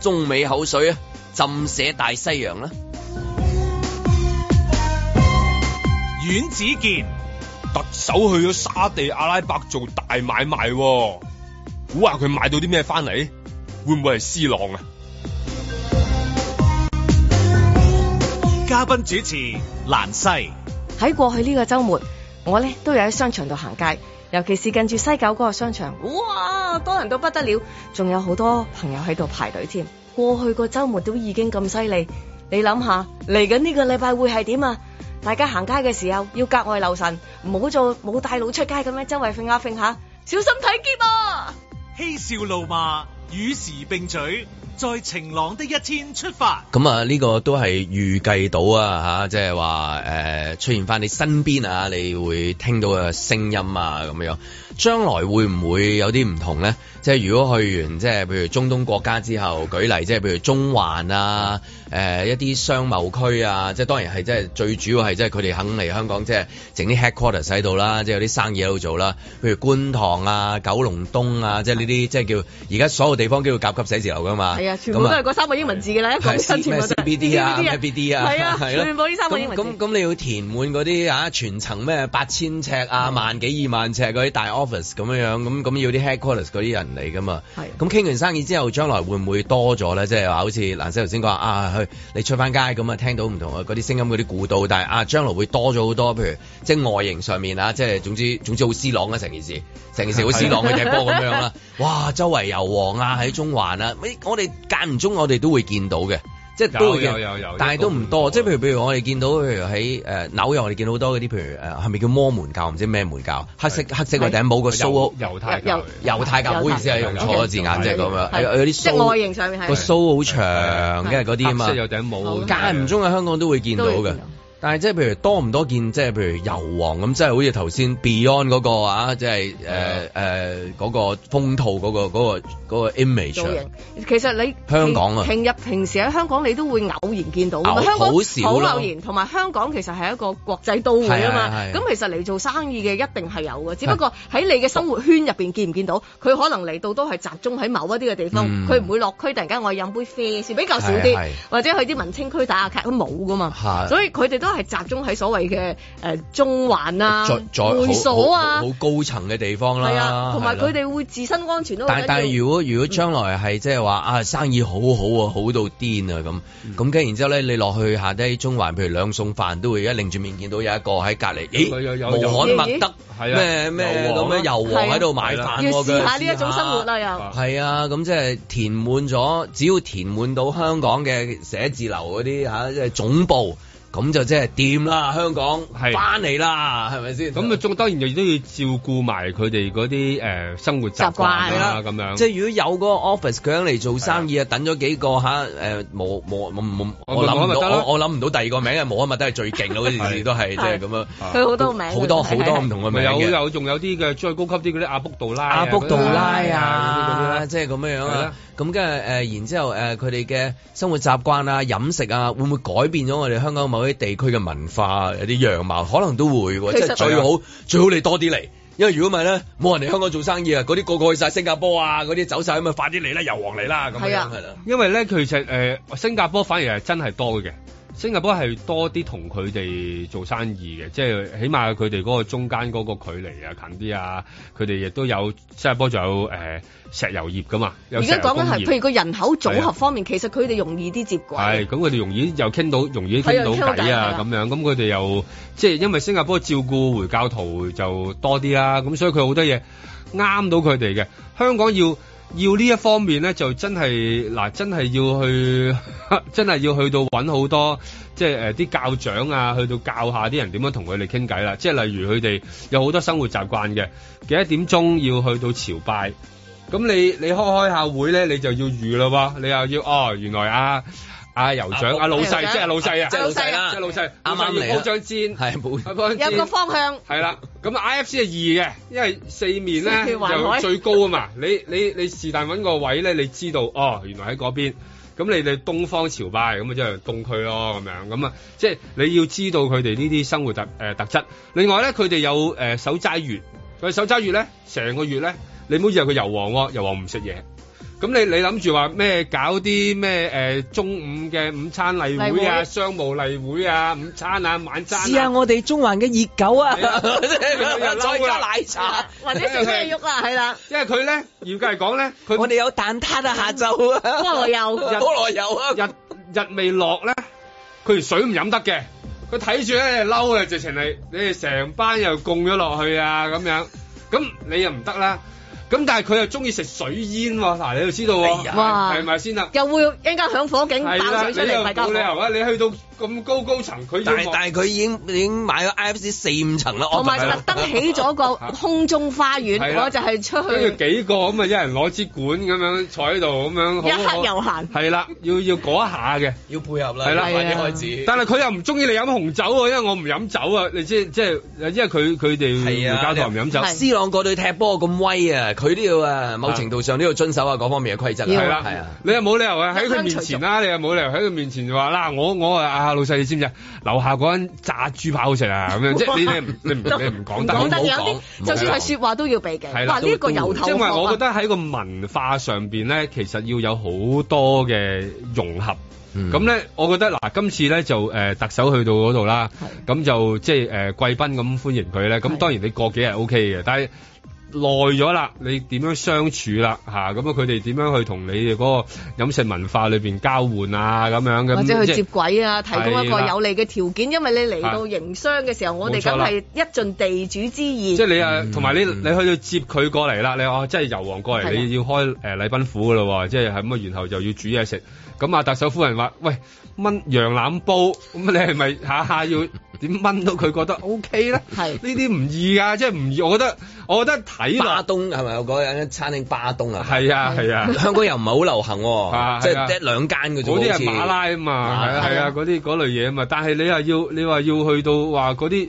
中美口水啊，浸寫大西洋啦！阮子杰特首去咗沙地阿拉伯做大買賣，估下佢買到啲咩翻嚟？會唔會係 C 朗啊？嘉賓主持蘭西。喺過去呢個周末，我呢都有喺商場度行街。尤其是近住西九嗰個商場，哇，多人到不得了，仲有好多朋友喺度排隊添。過去個周末都已經咁犀利，你諗下嚟緊呢個禮拜會係點啊？大家行街嘅時候要格外留神，唔好做冇帶佬出街咁樣，周圍揈下揈下，小心睇肩啊！嬉笑怒罵。與時並舉，在晴朗的一天出發。咁啊，呢、這個都係預計到啊，吓即係話，誒，出現翻你身邊啊，你會聽到嘅聲音啊，咁樣。將來會唔會有啲唔同咧？即係如果去完即係譬如中東國家之後，舉例即係譬如中環啊，誒、呃、一啲商貿區啊，即係當然係即係最主要係即係佢哋肯嚟香港即係整啲 headquarter 喺度啦，即係有啲生意喺度做啦。譬如觀塘啊、九龍東啊，即係呢啲即係叫而家所有地方都要甲級寫字樓噶嘛。係啊，全部都係嗰三個英文字嘅啦，一個新 CBD。B D 啊，B D 啊，係啊，啊，啊，啊，啊，啊，全部呢三個英文字。咁咁你要填滿嗰啲啊，全層咩八千尺啊、萬幾二萬尺嗰啲大咁樣樣，咁咁要啲 headquarters 嗰啲人嚟噶嘛？係，咁傾完生意之後，將來會唔會多咗咧？即係話好似蘭生頭先講啊，去你出翻街咁啊，聽到唔同嘅嗰啲聲音、嗰啲鼓道，但係啊，將來會多咗好多，譬如即係外形上面啊，即係總之總之好絲朗啊，成件事，成件事好絲朗去踢波咁樣啦。 哇，周圍遊黃啊，喺中環啊，喂我哋間唔中我哋都會見到嘅。即係都會有有，有，有，但係都唔多。即係譬如譬如我哋見到，譬如喺誒、呃、紐約，我哋見到好多嗰啲譬如誒係咪叫摩門教唔知咩門教？黑色、黑色個頂帽個蘇歐猶太教，猶太教唔好意思，係用錯個字眼，即係咁樣。有啲即係外形上面係個鬚好長，因為嗰啲啊嘛。頭頂帽間唔中喺香港都會見到㗎。但係即係譬如多唔多見即係譬如油王咁，即係好似頭先 Beyond 嗰、那個啊，即係誒誒嗰個風套嗰、那個嗰、那個嗰、那個 image。造型其實你香港啊，平日平時喺香港你都會偶然見到，香港好偶然，同埋香港其實係一個國際都會啊嘛。咁其實嚟做生意嘅一定係有嘅，只不過喺你嘅生活圈入邊見唔見到？佢可能嚟到都係集中喺某一啲嘅地方，佢、嗯、唔會落區。突然間我飲杯啡，是比較少啲，或者去啲文青區打下卡，佢冇噶嘛。係，所以佢哋都。都係集中喺所謂嘅誒中環啊，會所啊，好，好，好，好高層嘅地方啦。係啊，同埋佢哋會自身安全都、啊。但但係如果如果將來係即係話啊生意好好啊好到癲啊，咁咁跟然之後咧，你落去下低中環，譬如兩餸飯都會一擰住面見到有一個喺隔籬，咦，穆罕默德咩咩咁樣油王喺度買飯，試下呢一種生活啊，又係啊，咁即係填滿咗，只要填滿到香港嘅寫字樓嗰啲吓，即、啊、係、就是、總部。 咁就即係掂啦，香港係翻嚟啦，係咪先？咁啊，仲當然亦都要照顧埋佢哋嗰啲誒生活習慣啦，咁樣。即係如果有個 office 佢響嚟做生意啊，等咗幾個吓，誒，冇冇冇我諗唔到，我諗唔到第二個名啊，摩哈麥都係最勁咯，好時時都係即係咁樣。佢好多，多名，好多好多唔同嘅名。有有仲有啲嘅再高級啲嗰啲阿卜杜拉、阿卜杜拉啊，嗰啲啦，即係咁樣。咁跟住然之後誒，佢哋嘅生活習慣啊、飲食啊，會唔會改變咗我哋香港某啲地區嘅文化有啲樣貌？可能都會喎，即係最好、嗯、最好你多啲嚟，因為如果唔係咧，冇人嚟香港做生意啊，嗰啲個個去晒新加坡啊，嗰啲走晒咁啊快啲嚟啦，遊王嚟啦咁樣係啦，因為咧其實誒新加坡反而係真係多嘅。新加坡係多啲同佢哋做生意嘅，即係起碼佢哋嗰個中間嗰個距離啊近啲啊，佢哋亦都有新加坡仲有誒、呃、石油業噶嘛，而家講緊係譬如個人口組合方面，啊、其實佢哋容易啲接軌。係，咁佢哋容易又傾到，容易傾到偈啊，咁、啊啊、樣咁佢哋又即係因為新加坡照顧回教徒就多啲啦、啊，咁所以佢好多嘢啱到佢哋嘅。香港要。要呢一方面咧，就真係嗱，真係要去，真係要去到搵好多，即係誒啲教長啊，去到教下啲人點樣同佢哋傾偈啦。即係例如佢哋有好多生活習慣嘅，幾點鐘要去到朝拜，咁你你開開下會咧，你就要預啦喎，你又要哦，原來啊。阿、啊、酋長，阿老細，即係老細啊，即、啊、係老細啦，即係、就是、老細、啊，啱啱嚟。冇仗係冇。有個方向。係 啦，咁 IFC 係二嘅，因為四面咧最高啊嘛。你你你是但搵個位咧，你知道哦，原來喺嗰邊。咁你哋東方朝拜咁啊，即係東區咯，咁樣咁啊，即係、就是、你要知道佢哋呢啲生活特誒、呃、特質。另外咧，佢哋有誒、呃、守齋月，佢守齋月咧，成個月咧，你唔好以為佢油黃喎，油黃唔食嘢。咁你你諗住話咩搞啲咩，誒，中午嘅午餐例會啊，商務例會啊，午餐啊，晚餐？試下，我哋中環嘅熱狗啊，再加奶茶，或者食咩肉啊？係啦，因為佢咧嚴格嚟講咧，佢我哋有蛋撻啊下晝，菠蘿油，菠蘿油啊，日日未落咧，佢連水唔飲得嘅，佢睇住咧嬲嘅，直情係你哋成班又供咗落去啊咁樣，咁你又唔得啦。咁但係佢又中意食水煙喎、啊，嗱你都知道喎、啊，係、哎、咪先啦，又會一陣間響火警打水仗，一間冇理由、啊、你去到。咁高高層，佢但係但係佢已經已經買咗 IFC 四五層啦，我買特登起咗個空中花園， 啊、我就係出去幾個咁啊，一人攞支管咁樣坐喺度咁樣一刻遊行係啦，要要一下嘅，要配合啦，啊、快啲開始。 但係佢又唔中意你飲紅酒，因為我唔飲酒啊，你知即係因為佢佢哋家都唔飲酒。C 朗嗰隊踢波咁威啊，佢、啊、都要啊，某程度上都要遵守下嗰方面嘅規則啊。係啦、啊啊，你又冇、嗯、理由啊喺佢面前啦，你又冇理由喺佢面前就話啦。我我啊。老細，你知唔知啊？樓下嗰間炸豬扒好食啊！咁樣即係你你唔你唔你唔講得唔得你有啲，就算係説話都要避忌。係啦，呢、呢個由頭。因為、就是、我覺得喺個文化上邊咧，其實要有好多嘅融合。咁、嗯、咧，我覺得嗱，今次咧就誒、呃、特首去到嗰度啦，咁就即係誒貴賓咁歡迎佢咧。咁當然你過幾日 OK 嘅，但係。耐咗啦，你點樣相處啦？嚇，咁啊，佢哋點樣去同你嘅嗰個飲食文化裏面交換啊？咁樣嘅或者去接軌啊，提供一個有利嘅條件。因為你嚟到營商嘅時候，我哋梗係一盡地主之誼、嗯、即係你啊，同、嗯、埋你你去到接佢過嚟啦，你啊，即係遊王過嚟，你要開誒禮賓府噶喎，即係係咁啊，然後又要煮嘢食。咁啊，特首夫人話：喂，炆羊腩煲，咁你係咪下下要點炆到佢覺得 O K 咧？係呢啲唔易㗎、啊，即係唔易。我覺得，我覺得睇巴東係咪？我講緊間餐廳巴東啊，係啊係啊，啊 香港又唔係好流行、啊，即係得兩間嘅啫。嗰啲係馬拉啊嘛，係啊，嗰啲嗰類嘢啊嘛。但係你又要，你話要去到話嗰啲。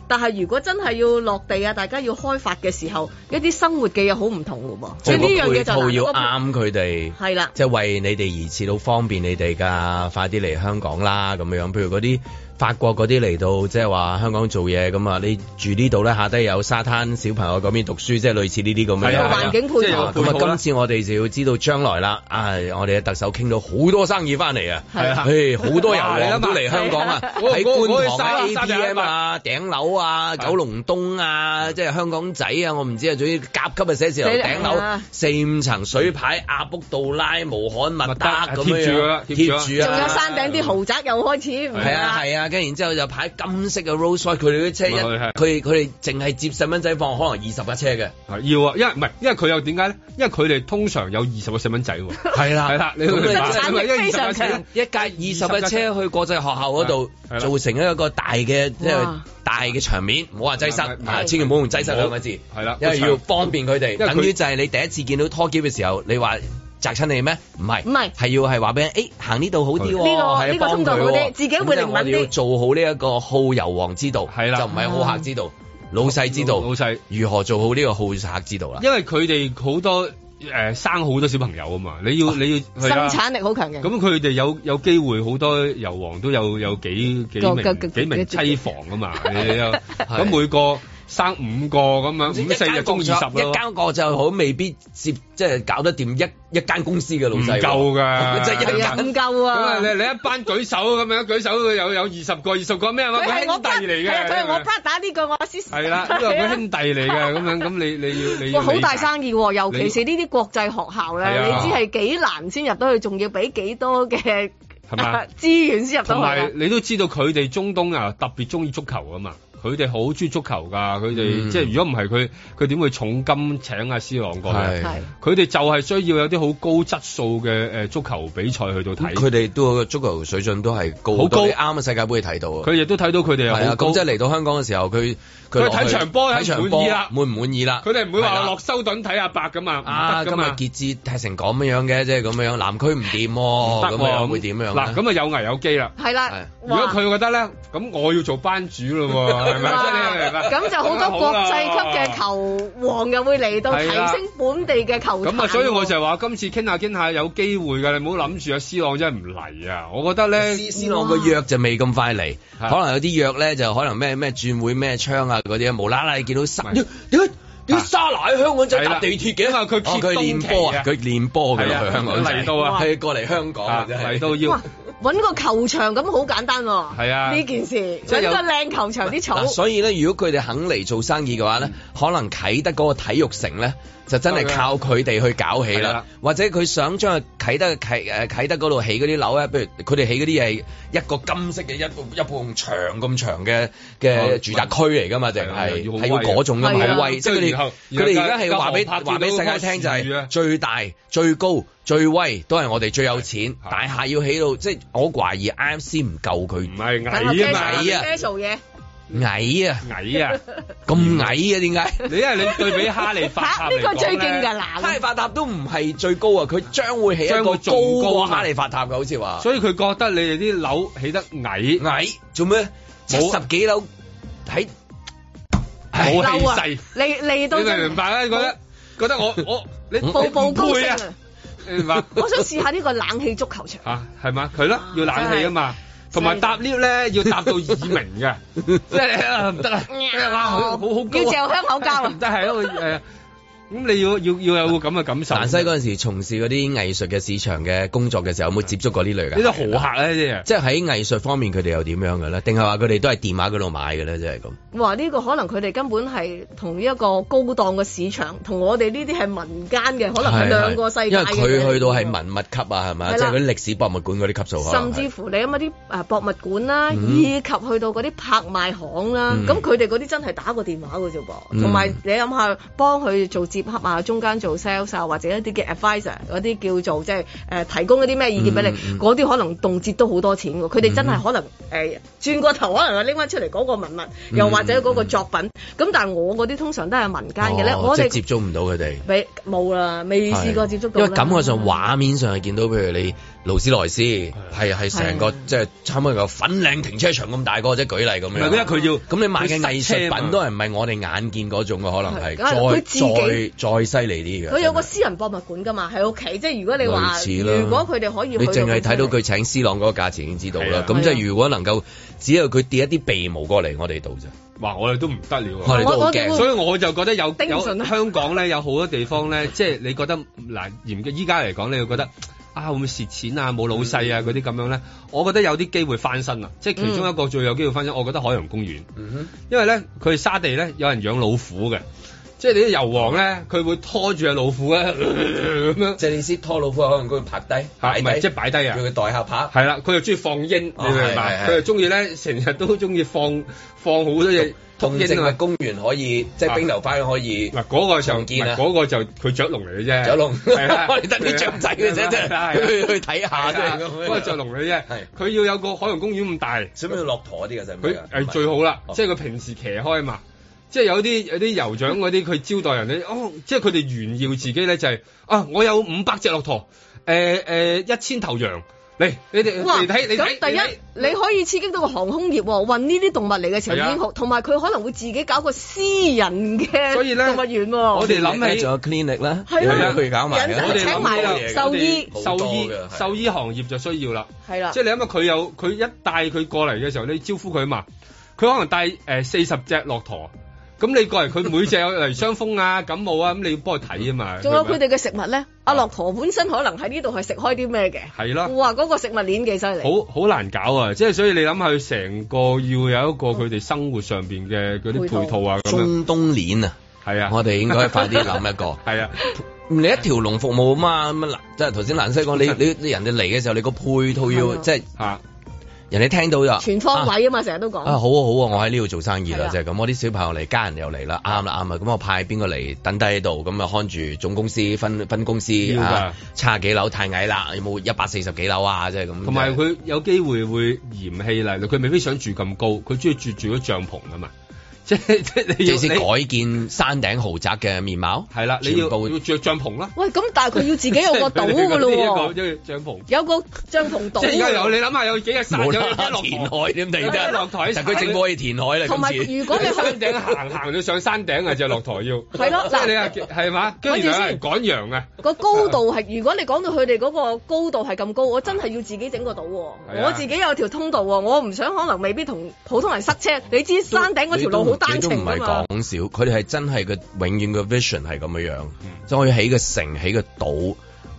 但係如果真係要落地啊，大家要開發嘅時候，一啲生活嘅嘢好唔同喎。即係呢樣嘢就要啱佢哋，係啦，即係為你哋而設到方便你哋㗎，快啲嚟香港啦咁樣。譬如嗰啲。法國嗰啲嚟到即係話香港做嘢咁啊！你住呢度咧，下低有沙灘，小朋友嗰邊讀書，即、就、係、是、類似呢啲咁樣環境配套。咁、啊嗯嗯、今次我哋就要知道將來啦、哎。啊，我哋嘅特首傾到好多生意翻嚟啊！係、哎、啊，好多人都嚟香港啊，喺觀塘 A P M 啊，頂樓啊，啊，九龍東啊，即、就、係、是、香港仔啊，我唔知級啊，仲要甲級啊寫字樓頂樓四五層水牌阿卜、啊、杜拉無罕麥德咁樣。貼住、啊、貼住仲、啊啊、有山頂啲豪宅又開始係啊係啊！跟然之後就排金色嘅 Rolls Royce 佢哋啲車，佢佢哋淨係接細蚊仔放，可能二十架車嘅。要啊，因為唔係，因為佢又點解咧？因為佢哋通常有二十個細蚊仔喎，啊。係啦係啦，你你你，因為二一架二十架車去國際學校嗰度，造成一個大嘅即係大嘅場面，唔好話擠塞，千祈唔好用擠塞兩個字，係啦，因為要方便佢哋，等於就係你第一次見到拖機嘅時候，你話。摘親你咩？唔係，唔係，係要係話俾人，誒、哎，行呢度好啲、哦，呢、這個呢、哦這個通道好啲，自己會靈敏啲。我要做好呢一個好游王之道，係啦，就唔係好客之道，老細之道，老細如何做好呢個好客之道啦？因為佢哋好多誒、呃、生好多小朋友啊嘛，你要你要、哦啊、生產力好強嘅。咁佢哋有有機會好多游王都有有幾幾名個個個個個個個幾名妻房啊嘛，咁 每個。生五個咁樣，一間個就好未必接，即係搞得掂一一間公司嘅老細。唔夠㗎，係啊，唔夠啊！咁啊，你你一班舉手咁樣，舉手有有二十個，二十個咩啊？兄弟嚟嘅，佢係我兄弟呢個，我師兄。係啦，都係個兄弟嚟嘅咁樣。咁你你要你，哇，好大生意喎！尤其是呢啲國際學校咧，你知係幾難先入到去，仲要俾幾多嘅資源先入到去。同埋你都知道佢哋中東啊，特別中意足球啊嘛。佢哋好中意足球噶，佢哋、嗯、即係如果唔係佢，佢點會重金請阿斯郎哥咧？佢哋就係需要有啲好高質素嘅誒足球比賽去到睇。佢、嗯、哋都有足球水準都係高好高啱嘅世界盃睇到佢亦都睇到佢哋係好高。啊、即係嚟到香港嘅時候，佢佢睇場波睇場意啦，滿唔滿意啦？佢哋唔會話、啊、落修頓睇阿伯咁啊！啊，今日傑志踢成咁、就是、樣樣嘅，即係咁樣南區唔掂咁啊，啊會點樣？嗱、啊，咁啊有危有機啦。係啦、啊啊，如果佢覺得咧，咁我要做班主嘞喎、啊！ 咁就好多國際級嘅球王又會嚟到、啊、提升本地嘅球場、啊。咁啊，所以我就係話今次傾下傾下有機會㗎，你唔好諗住阿 C 朗真係唔嚟啊！我覺得咧，C 朗嘅約就未咁快嚟，可能有啲約咧就可能咩咩轉會咩槍啊嗰啲，無啦啦你見到沙點解點解沙拿喺香港就搭地鐵嘅下，佢練波，佢練波佢練波嘅、啊，去香港嚟到啊！係過嚟香港嚟到、啊、要。啊揾個球場咁好簡單喎。係啊，呢、啊、件事揾、就係、個靚球場啲草、啊。所以咧，如果佢哋肯嚟做生意嘅話咧、嗯，可能啟德嗰個體育城咧就真係靠佢哋去搞起啦，或者佢想將啟德啟誒，啟德嗰度起嗰啲樓咧，譬如佢哋起嗰啲係，一個金色嘅一一盤長咁長嘅嘅住宅區嚟噶嘛，就係係要嗰種咁好、啊、威，即係佢哋佢哋而家係話俾話俾世界聽就係最大、最高、最威，都係我哋最有錢大廈要起到，即係我懷疑 I M C 唔夠佢唔係矮啊矮啊，矮啊，咁矮啊，點解？你因為你對比哈利法塔嚟講咧，呢個最勁㗎喇，哈利法塔都唔係最高啊，佢將會起一個高過哈利法塔嘅，好似話。所以佢覺得你哋啲樓起得矮矮，做咩？七十幾樓喺冇氣勢，嚟嚟到真係。你明唔明？你覺得覺得我我你步步高升。你明唔明？我想試下呢個冷氣足球場啊，係嘛？佢咯，要冷氣啊嘛。同埋搭 lift 咧，要搭到耳鳴嘅，即係唔得啊！好好，要嚼香口膠啊，即係喺佢誒。 咁你要要要有個咁嘅感受。陳西嗰陣時從事嗰啲藝術嘅市場嘅工作嘅時候，有冇接觸過這類的呢類嘅？呢啲豪客咧，呢即係喺藝術方面他們，佢哋又點樣嘅咧？定係話佢哋都係電話嗰度買嘅咧？即係咁。話、這、呢個可能佢哋根本係同一個高檔嘅市場，同我哋呢啲係民間嘅，可能係兩個世界。因為佢去到係文物級啊，係咪？即係嗰啲歷史博物館嗰啲級數、啊。甚至乎你諗下啲誒博物館啦、啊嗯，以及去到嗰啲拍賣行啦、啊，咁佢哋嗰啲真係打過電話嘅啫噃。同、嗯、埋你諗下，幫佢做盒啊，中間做 sales 啊，或者一啲嘅 advisor 嗰啲叫做即係誒提供一啲咩意見俾你，嗰、嗯、啲、嗯、可能動輒都好多錢喎。佢哋真係可能誒、嗯呃、轉過頭，可能拎翻出嚟嗰個文物，嗯、又或者嗰個作品。咁、嗯嗯、但係我嗰啲通常都係民間嘅咧、哦，我哋接觸唔到佢哋，未冇啦，未試過接觸到。因為感覺上、嗯、畫面上係見到，譬如你。勞斯萊斯係係成個即係差唔多有粉嶺停車場咁大個，即係舉例咁樣。因為佢要咁你買嘅藝術品都係唔係我哋眼見嗰種嘅，可能係。再自再犀利啲嘅。佢有個私人博物館㗎嘛，係屋企，即係如果你話，如果佢哋可以。你淨係睇到佢請斯朗嗰個價錢已經知道啦。咁即係如果能夠，只要佢跌一啲鼻毛過嚟我哋度啫。哇！我哋都唔得了、啊，我哋都好驚。所以我就覺得有，有，有香港咧，有好多地方咧，即係你覺得嗱，嚴嘅依家嚟講，你會覺得。啊！會唔會蝕錢啊？冇老細啊？嗰啲咁樣咧，我覺得有啲機會翻身啊！即係其中一個最有機會翻身，嗯、我覺得海洋公園，嗯、哼因為咧佢沙地咧有人養老虎嘅，即係你啲油王咧，佢會拖住隻老虎，呃呃呃、老虎啊咁樣，即係意思拖老虎可能佢會拍低，唔係即係擺低啊！佢代客拍，係、啊、啦，佢又中意放鷹，哦、你明佢又中意咧，成日都中意放放好多嘢。同成為公園可以，啊、即係冰流花可以、啊。嗱，嗰個就唔見啦，嗰、嗰個就佢雀龍嚟嘅啫。雀龍係啦，得啲雀仔嘅啫，真 係、啊啊、去睇下啫。不、啊啊嗰個雀龍嚟嘅啫，係佢、啊、要有個海洋公園咁大。使唔使駱駝啲嘅？佢係、啊啊啊啊啊、最好啦、啊，即係佢平時騎開嘛。啊、即係有啲有啲酋長嗰啲，佢招待人哋，哦，即係佢哋炫耀自己咧，就係、是、啊，我有五百隻駱駝，誒誒一千頭羊，嚟，你哋哇，咁第一你，你可以刺激到個航空業，運呢啲動物嚟嘅時候，已經同埋佢可能會自己搞個私人嘅動物園喎、哦。我哋諗起仲有 clinic 啦，係佢搞埋嘅。我哋請埋啦，獸醫、獸醫、獸醫行業就需要啦。係啦，即係你諗下，佢有佢一帶佢過嚟嘅時候，你招呼佢嘛？佢可能帶誒四十隻駱駝。呃咁你過嚟佢每隻有嚟傷風啊 感冒啊，咁你要幫佢睇啊嘛。仲有佢哋嘅食物咧，阿駱駝本身可能喺呢度係食開啲咩嘅？係啦哇，嗰、嗰個食物鏈幾犀利。好好難搞啊！即係所以你諗下佢成個要有一個佢哋生活上邊嘅嗰啲配套啊。套中東鏈啊，係啊，我哋應該快啲諗一個。係 係啊， 你一條龍服務啊嘛咁啊，即係頭先蘭西講你你人哋嚟嘅時候，你個配套要即係吓。人哋聽到又全方位啊嘛，成日都講。啊，好啊好啊，我喺呢度做生意啦，即係咁。就是、我啲小朋友嚟，家人又嚟啦，啱啦啱啊。咁我派邊個嚟等低喺度，咁啊看住總公司分分公司。要㗎。差幾、啊、樓太矮啦，有冇一百四十幾樓啊？即係咁。同埋佢有機會會嫌棄啦，佢未必想住咁高，佢中意住住咗帳篷啊嘛。 你你即係即改建山頂豪宅嘅面貌。係啦，你要要著帳篷啦。喂，咁但係佢要自己有個島嘅咯喎。 呢個呢個、帳篷有個帳篷島。即係有你諗下，有幾隻山 有得落台？點突然間落台？實佢整可以填海啦。同埋、啊啊、如果你山頂行行到上山頂啊，就落台要、啊。係 咯、啊，嗱 是、啊、 為你係係嘛？跟住先趕羊啊！個高度係，如果你講到佢哋嗰個高度係咁高， 我真係要自己整個島喎、啊啊。我自己有條通道喎，我唔想可能未必同普通人塞車。你知山頂嗰條路好。你都唔係講笑，佢哋係真係個永遠嘅 vision 係咁樣樣，即係我要起個城，起個島，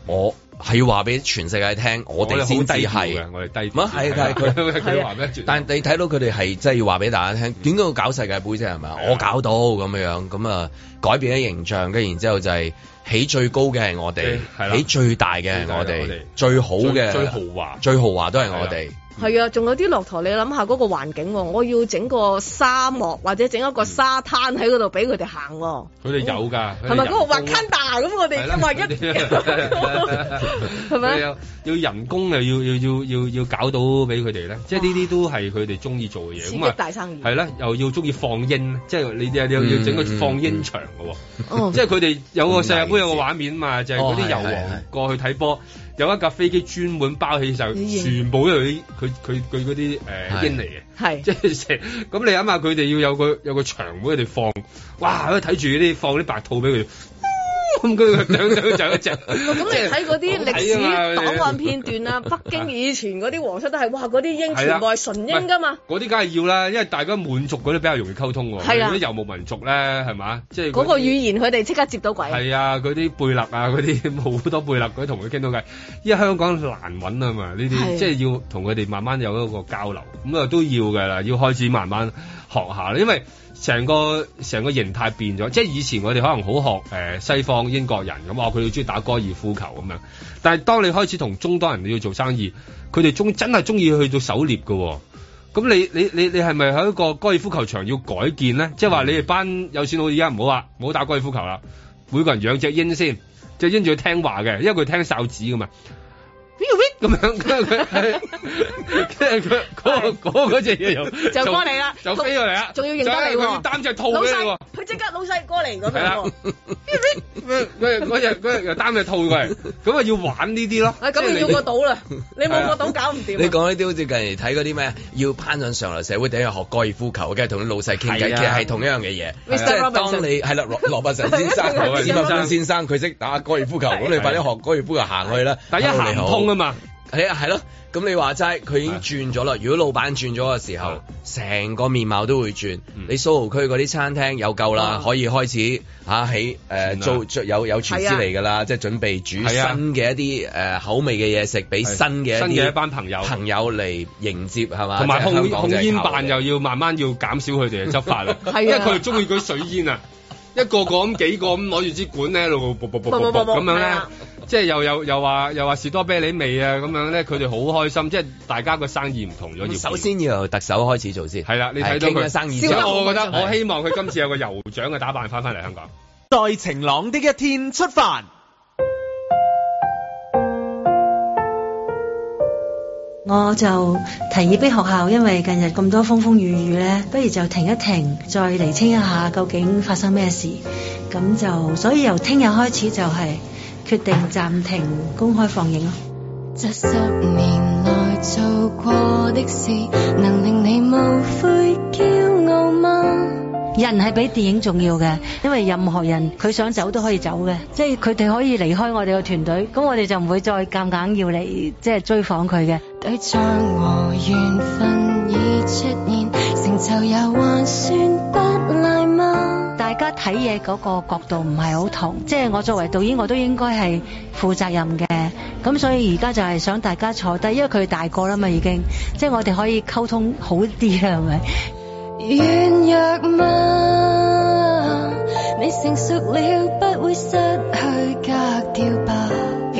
我係要話俾全世界聽，我哋先至係，我哋低，係佢佢話咩？但係你睇到佢哋係真係要話俾大家聽，點、嗯、解要搞世界盃啫？係、嗯、咪？我搞到咁樣樣，咁啊改變咗形象，跟然之後就係、是、起最高嘅係我哋，起最大嘅係我哋，最好嘅最豪華，最豪華都係我哋。係、嗯、啊，仲有啲駱駝，你諗下嗰個環境、啊，我要整個沙漠或者整一個沙灘喺嗰度俾佢哋行。佢哋有噶，係咪嗰個畫 c a n 咁？啊、我哋畫一，係 咪？ 要人工又要要要要要搞到俾佢哋咧？即係呢啲都係佢哋中意做嘅嘢、啊。刺激大生意係啦、啊，又要中意放鷹、嗯，即係你你你要整個放鷹場噶、啊嗯哦，即係佢哋有個世界盃有個畫面嘛，就係嗰啲游王過去睇波。哦有一架飛機專門包起晒全部都係啲佢佢佢嗰啲誒經嚟嘅，係即係成咁你諗下，佢哋、嗯就是 嗯、要有個有個場俾佢哋放，哇！睇住啲放啲白兔俾佢。咁佢兩兩就一隻。咁、 就是、你睇嗰啲歷史檔案片段啊， 北京以前嗰啲皇室都係，哇嗰啲英全部係純英噶嘛。嗰啲梗係要啦，因為大家滿族嗰啲比較容易溝通喎。係啊，嗰啲遊牧民族咧係嘛，即係嗰個語言佢哋即刻接到鬼。係啊，嗰啲貝勒啊，嗰啲好多貝勒，佢同佢傾到偈。依家香港難揾啊嘛，呢啲、啊、即係要同佢哋慢慢有一個交流，咁、嗯、啊都要噶啦，要開始慢慢學下，因為成個成個形態變咗，即係以前我哋可能好學誒、呃、西方英國人咁話，佢哋中意打高爾夫球咁樣。但係當你開始同中多人要做生意，佢哋中真係中意去到狩獵嘅、哦。咁你你你你係咪喺一個高爾夫球場要改建咧、嗯？即係話你哋班有錢佬而家唔好話唔好打高爾夫球啦，每個人養隻鷹先，隻鷹仲要聽話嘅，因為佢聽哨子㗎嘛。咁樣，跟住佢嗰嗰嗰隻嘢又就過嚟啦，就飛過嚟啦，仲要認得你喎，攞曬佢即刻老細過嚟咁樣，樣，佢佢嗰隻佢又擔隻兔過嚟，咁啊要玩呢啲咯，咁你，你，你要個賭啦，你冇個賭搞唔掂。你講呢啲好似近年睇啲咩，要攀上上流社會，第一學高爾夫球嘅，同啲老細傾偈，其實係同一樣嘅嘢。即係當你係粒羅羅伯臣先生、先生，佢識打高爾夫球，咁你快啲學高爾夫球行去啦。第一行。啊嘛，係啊，係咯、啊，咁你話齋佢已經轉咗啦。如果老闆轉咗嘅時候，成個面貌都會轉。嗯、你蘇豪區嗰啲餐廳有夠啦，嗯、可以開始嚇、啊、起誒、呃、做，做有有廚師嚟噶啦，即係準備煮的新嘅一啲誒口味嘅嘢食，俾新嘅新一班朋友朋友嚟迎接係嘛？同埋控控煙辦又要慢慢要減少佢哋嘅執法啦， 因為佢哋中意嗰啲水煙啊， 一個個咁幾個咁攞住支管咧喺度咁樣咧。即係又又又話又話士多啤梨味啊咁樣咧，佢哋好開心。即係大家個生意唔同咗，要首先要由特首開始做先。係啦，你睇到佢嘅生意。而且、就是、我覺得我希望佢今次有個酋長嘅打扮翻翻嚟香港。在 晴朗的一天出發，我就提議俾學校，因為近日咁多風風雨雨咧，不如就停一停，再釐清一下究竟發生咩事。咁就所以由聽日開始就係、是。決定暫停公開放映咯。這十年內做過的事，能令你無悔驕傲嗎？人係比電影重要嘅，因為任何人佢想走都可以走嘅，即係佢哋可以離開我哋嘅團隊，咁我哋就唔會再夾硬要嚟即係追訪佢嘅。對大家睇嘢嗰個角度唔係好同，即係我作為導演，我都應該係負責任嘅。咁所以而家就係想大家坐低，因為佢大個啦嘛已經嘛，即係我哋可以溝通好啲啦，係咪？軟弱嗎？你成熟了，不會失去格調吧。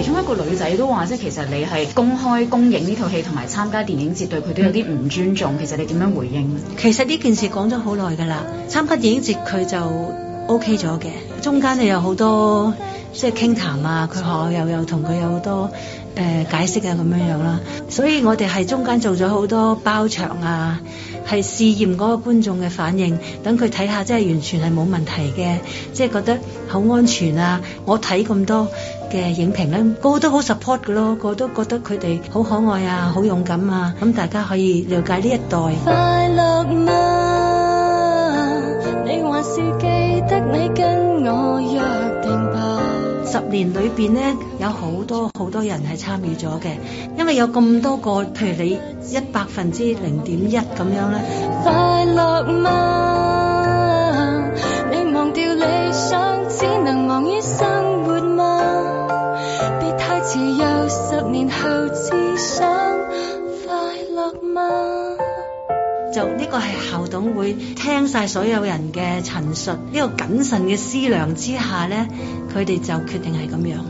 其中一個女仔都話，即係其實你係公開公映呢套戲同埋參加電影節對佢都有啲唔尊重。其實你點樣回應？嗯、其實呢件事講咗好耐㗎啦。參加電影節佢就 OK 咗嘅，中間你有好多即係傾談啊，佢學校又有同佢有好多誒、呃、解釋啊咁樣樣啦。所以我哋係中間做咗好多包場啊，係試驗嗰個觀眾嘅反應，等佢睇下，即係完全係冇問題嘅，即係覺得好安全啊。我睇咁多嘅影評咧，個個都好 support 嘅咯，個都覺得佢哋好可愛啊，好勇敢啊，咁大家可以了解呢一代。快樂嗎？你還是記得你跟我約定吧。十年裏邊呢，有好多好多人係參與咗嘅，因為有咁多個，譬如你一百分之零點一咁樣咧。快樂嗎？你忘掉理想，只能忘於生。就呢個係校董會聽晒所有人嘅陳述，呢個謹慎嘅思量之下呢，佢哋就決定係咁樣。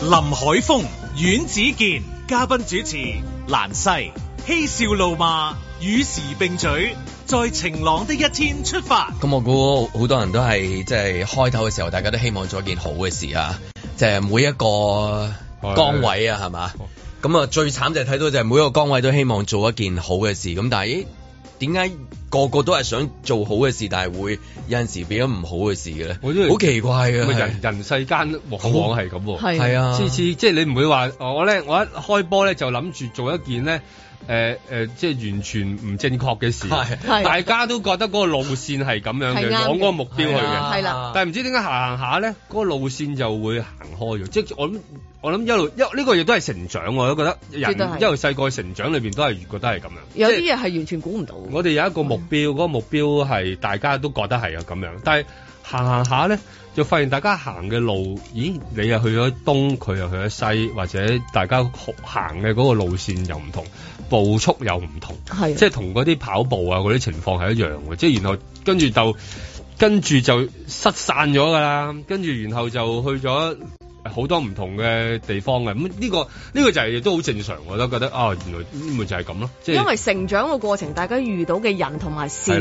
林海峰、阮子健，嘉賓主持蘭西。嬉笑怒罵與時並舉，在晴朗的一天出發。咁我估好多人都係即係開頭嘅時候，大家都希望做一件好嘅事啊！即係每一個崗位啊，係嘛？咁啊，最慘就係睇到就係每一個崗位都希望做一件好嘅事，咁但係，咦？點解個個都係想做好嘅事，但係會有陣時變咗唔好嘅事嘅咧？好奇怪啊，人人世間往往係咁，啊，係啊，次次即係你唔會話我咧，我一開波咧就諗住做一件咧。誒、呃呃、即係完全唔正確嘅事、啊，大家都覺得嗰個路線係咁樣嘅，往嗰個目標去嘅。係啦、啊啊啊，但係唔知點解行行下呢，嗰、嗰個路線就會行開咗。我諗一路一呢、呢個亦都係成長，我都覺得人一路細個成長裏面都係越覺得係咁樣。有啲嘢係完全估唔到嘅。我哋有一個目標，嗰、啊嗰個目標係大家都覺得係啊咁樣，但係行行下呢。就發現大家行嘅路，咦？你又去咗東，佢又去咗西，或者大家行嘅嗰個路線又唔同，步速又唔同，即係同嗰啲跑步啊嗰啲情況係一樣嘅，即係然後跟住就跟住就失散咗㗎啦，跟住然後就去咗好多唔同嘅地方嘅，咁呢個呢個就係都好正常，我都覺得啊，原來咪就係咁咯，即係因為成長嘅過程，大家遇到嘅人同埋事。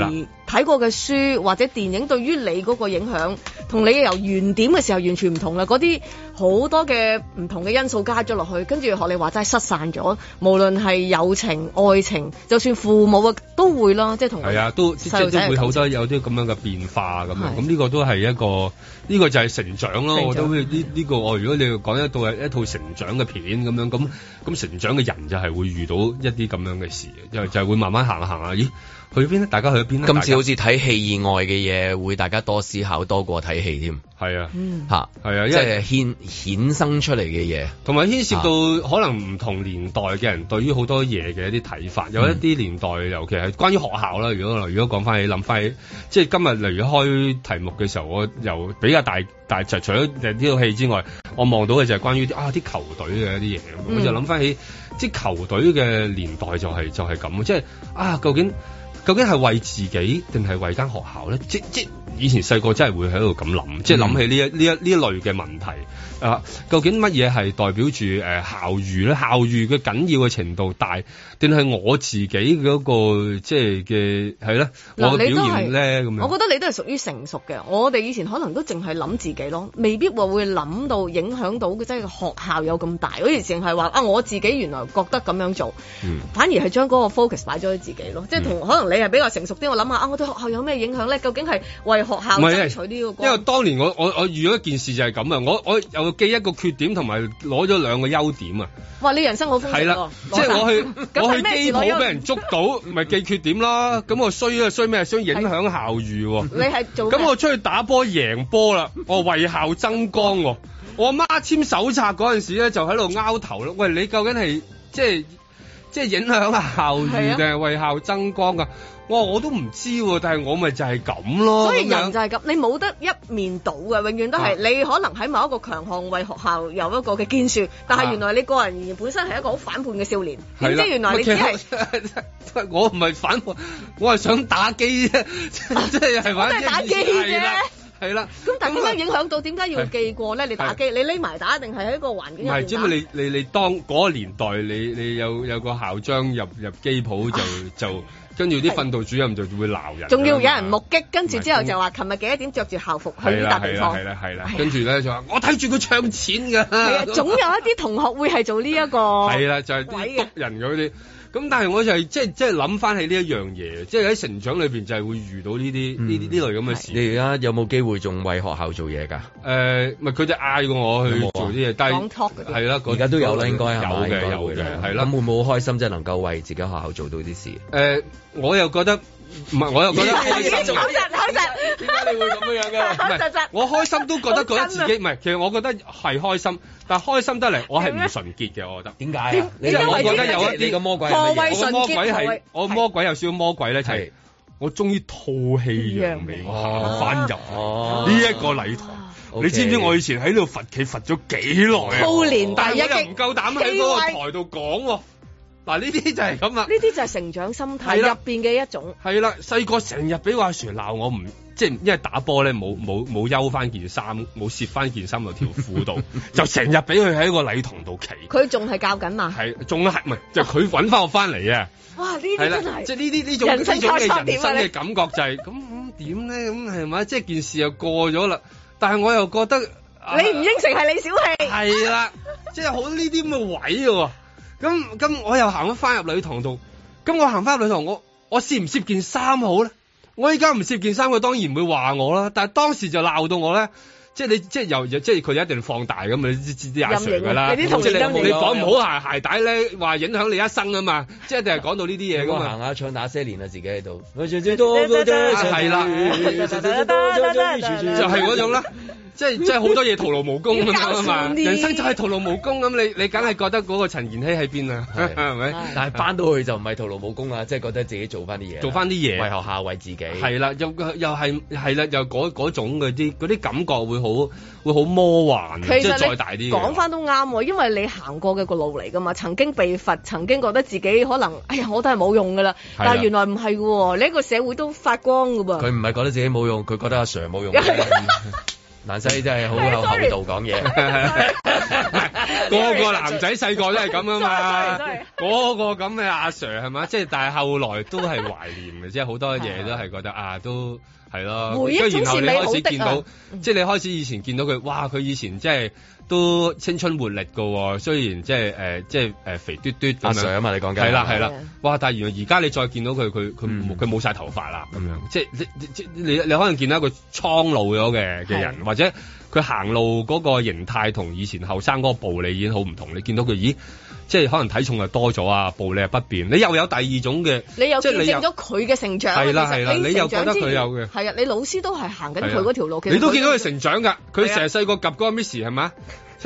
睇過嘅書或者電影，對於你嗰個影響，同你由原點嘅時候完全唔同啦。嗰啲好多嘅唔同嘅因素加咗落去，跟住學你話齋失散咗。無論係友情、愛情，就算父母啊都會啦，即係同係啊，都即，即，即會好多有啲咁樣嘅變化咁啊。咁呢個都係一個呢、呢個就係成長咯。我都呢呢個哦，如果你講一套一套成長嘅片咁樣，咁咁成長嘅人就係會遇到一啲咁樣嘅事，就就係、係會慢慢行行下，咦？去邊呢？大家去邊呢？今次好似睇戲以外嘅嘢，會大家多思考多過睇戲添。係啊，吓、嗯、係啊，啊，因係牽衍生出嚟嘅嘢，同埋牽涉到可能唔同年代嘅人對於好多嘢嘅一啲睇法，啊。有一啲年代，尤其係關於學校啦。如果如果講翻起諗翻起，即係今日離開題目嘅時候，我又比較大大除咗呢套戲之外，我望到嘅就係關於啊啲球隊嘅一啲嘢，嗯。我就諗翻起，即係球隊嘅年代就係、是、就係、是、咁，即係啊，究竟？究竟係為自己定係為間學校咧？即即以前細個真係會喺度咁諗，嗯、即係諗起呢一呢一呢一類嘅問題。啊，究竟乜嘢係代表住、呃、校譽咧？校譽嘅緊要嘅程度大，定係我自己嗰、嗰個即係嘅係咧，你都係咧，我覺得你都係屬於成熟嘅。我哋以前可能都淨係諗自己咯，未必話會諗到影響到即係學校有咁大，好似淨係話啊，我自己原來覺得咁樣做，嗯、反而係將嗰個 focus 擺咗喺自己咯。即係同、嗯、可能你係比較成熟啲，我諗下啊，我對學校有咩影響咧？究竟係為學校爭取呢個？因為當年我我我遇咗一件事就係咁啊，我我記一個缺點同埋攞咗兩個優點啊！哇，你人生好豐富喎！即係我去 我去機鋪俾人捉到，咪 記缺點啦。咁我衰啊衰咩，想影響校譽。你係做咁我出去打波贏波啦，我為校增光。 我阿媽簽手冊嗰陣時咧，就喺度拗頭啦。喂，你究竟係即係？即係影響啊校譽定係為校增光㗎？啊啊哦。我我都唔知，啊，但係我咪就係咁咯。所以人就係咁，你冇得一面倒嘅，永遠都係，啊、你可能喺某一個強項為學校有一個嘅建樹，啊、但係原來你個人而言本身係一個好反叛嘅少年，啊、即係原來你只係我唔係反叛，我係想打機啫，即係係玩，即係打機啫係啦，咁但係點解影響到？點解要記過咧？你打機，你匿埋打定係喺個環境入邊打？唔係，主要你你你當嗰個年代，你你有有個校章入入機鋪就就跟住啲訓導主任就會鬧人，仲要有人目擊，跟住之後就話：琴日幾多點著住校服去呢笪地方？係啦，係啦，跟住咧就話我睇住佢唱錢㗎。係啊，總有一啲同學會係做呢一個。係啦，就係啲人嗰啲。咁但係我就係即係即係諗翻起呢一樣嘢，即係喺成長裏邊就係會遇到呢啲呢啲呢類咁嘅事。你而家有冇機會仲為學校做嘢㗎？誒、呃，咪佢就嗌過我去做啲嘢，但係，係啦，而家都有啦，應該係應該有嘅，係啦。咁會唔會好開心？即、就、係、是、能夠為自己學校做到啲事？誒、呃，我又覺得。唔係，我又覺得。好實好實。點解你會咁樣嘅？唔係，我開心都覺得覺得自己唔係、啊，其實我覺得係開心，但係開心得嚟，我係唔純潔嘅，我覺得。點解？因為我覺得有一啲嘅魔鬼，我覺得魔鬼係我魔鬼，有少少魔鬼咧，就係我終於吐氣揚眉，行翻入呢一個禮堂。啊、你知唔知我以前喺度罰企罰咗幾耐啊？好年第一級。但係我又唔夠膽喺嗰個台度講。嗱，呢啲就係咁啦！呢啲就係成長心態入邊嘅一種。係啦，細個成日俾阿 sir 鬧我不，唔即係因為打波咧，冇冇冇休翻件衫，冇攝翻件衫落條褲度，就成日俾佢喺個禮堂度企。佢仲係教緊嘛？係仲係唔係？就佢揾翻我翻嚟啊！哇！呢啲真係，即係呢啲呢種呢種人生嘅感覺就係咁咁點咧、啊 就是？咁係咪？即係件事又過咗啦，但係我又覺得、啊、你唔應承係你小氣。係 啦，即係好呢啲咁嘅位喎。咁咁我又行咗翻入禮堂度，咁我行翻入禮堂，我我涉唔涉件衫好咧？我依家唔涉件衫，佢當然唔會話我啦。但係當時就鬧到我咧，即係你即係又即係佢一定放大咁，你知啲阿 Sir 噶啦、就是。你啲同燈你講唔好鞋鞋底咧，話影響你一生啊嘛， 即係一定係講到呢啲嘢噶嘛？行下唱那些年啊，自己喺度，係 啦、啊，對 就係嗰種啦。 即係即係好多嘢徒勞無功啊嘛，人生就係徒勞無功咁，你你梗係覺得嗰個陳妍希喺邊啊？係咪？ 但係返到去就唔係徒勞無功啊！即係覺得自己做翻啲嘢，做翻啲嘢為學校為自己。係啦，又又係係啦，又嗰種嗰啲啲感覺會好會好魔幻。即係再大啲。講翻都啱，因為你行過嘅個路嚟噶嘛，曾經被罰，曾經覺得自己可能哎呀我都係冇用噶啦，但係原來唔係喎，你喺個社會都發光噶噃。佢唔係覺得自己冇用，佢覺得阿 Sir 冇用。 南西真係好有厚道講嘢，個 個男仔細個都係咁啊嘛，嗰 個咁嘅阿 Sir 係咪？即、就、係、是、但係後來都係懷念嘅，即係好多嘢都係覺得啊，都係咯。跟住然後你開始見到，啊、即係你開始以前見到佢，哇！佢以前即、就、係、是。都青春活力嘅、哦，雖然即係誒，即係誒肥嘟嘟咁、啊、樣。i 啊嘛，你講緊係啦係啦，哇！但係原來而家你再見到佢，佢佢佢冇晒頭髮啦，咁樣即係你你你可能見到一個蒼老咗嘅嘅人，或者佢行路嗰個形態同以前後生嗰個暴利已經好唔同，你見到佢咦？即係可能體重又多咗啊，暴力又不變。你又有第二種嘅，即係你見到佢嘅成長，係啦係啦，你，你又覺得佢有嘅，係啊，你老師都係行緊佢嗰條路，你都到見到佢 成長㗎，佢成細個夾嗰個 Miss 係咪？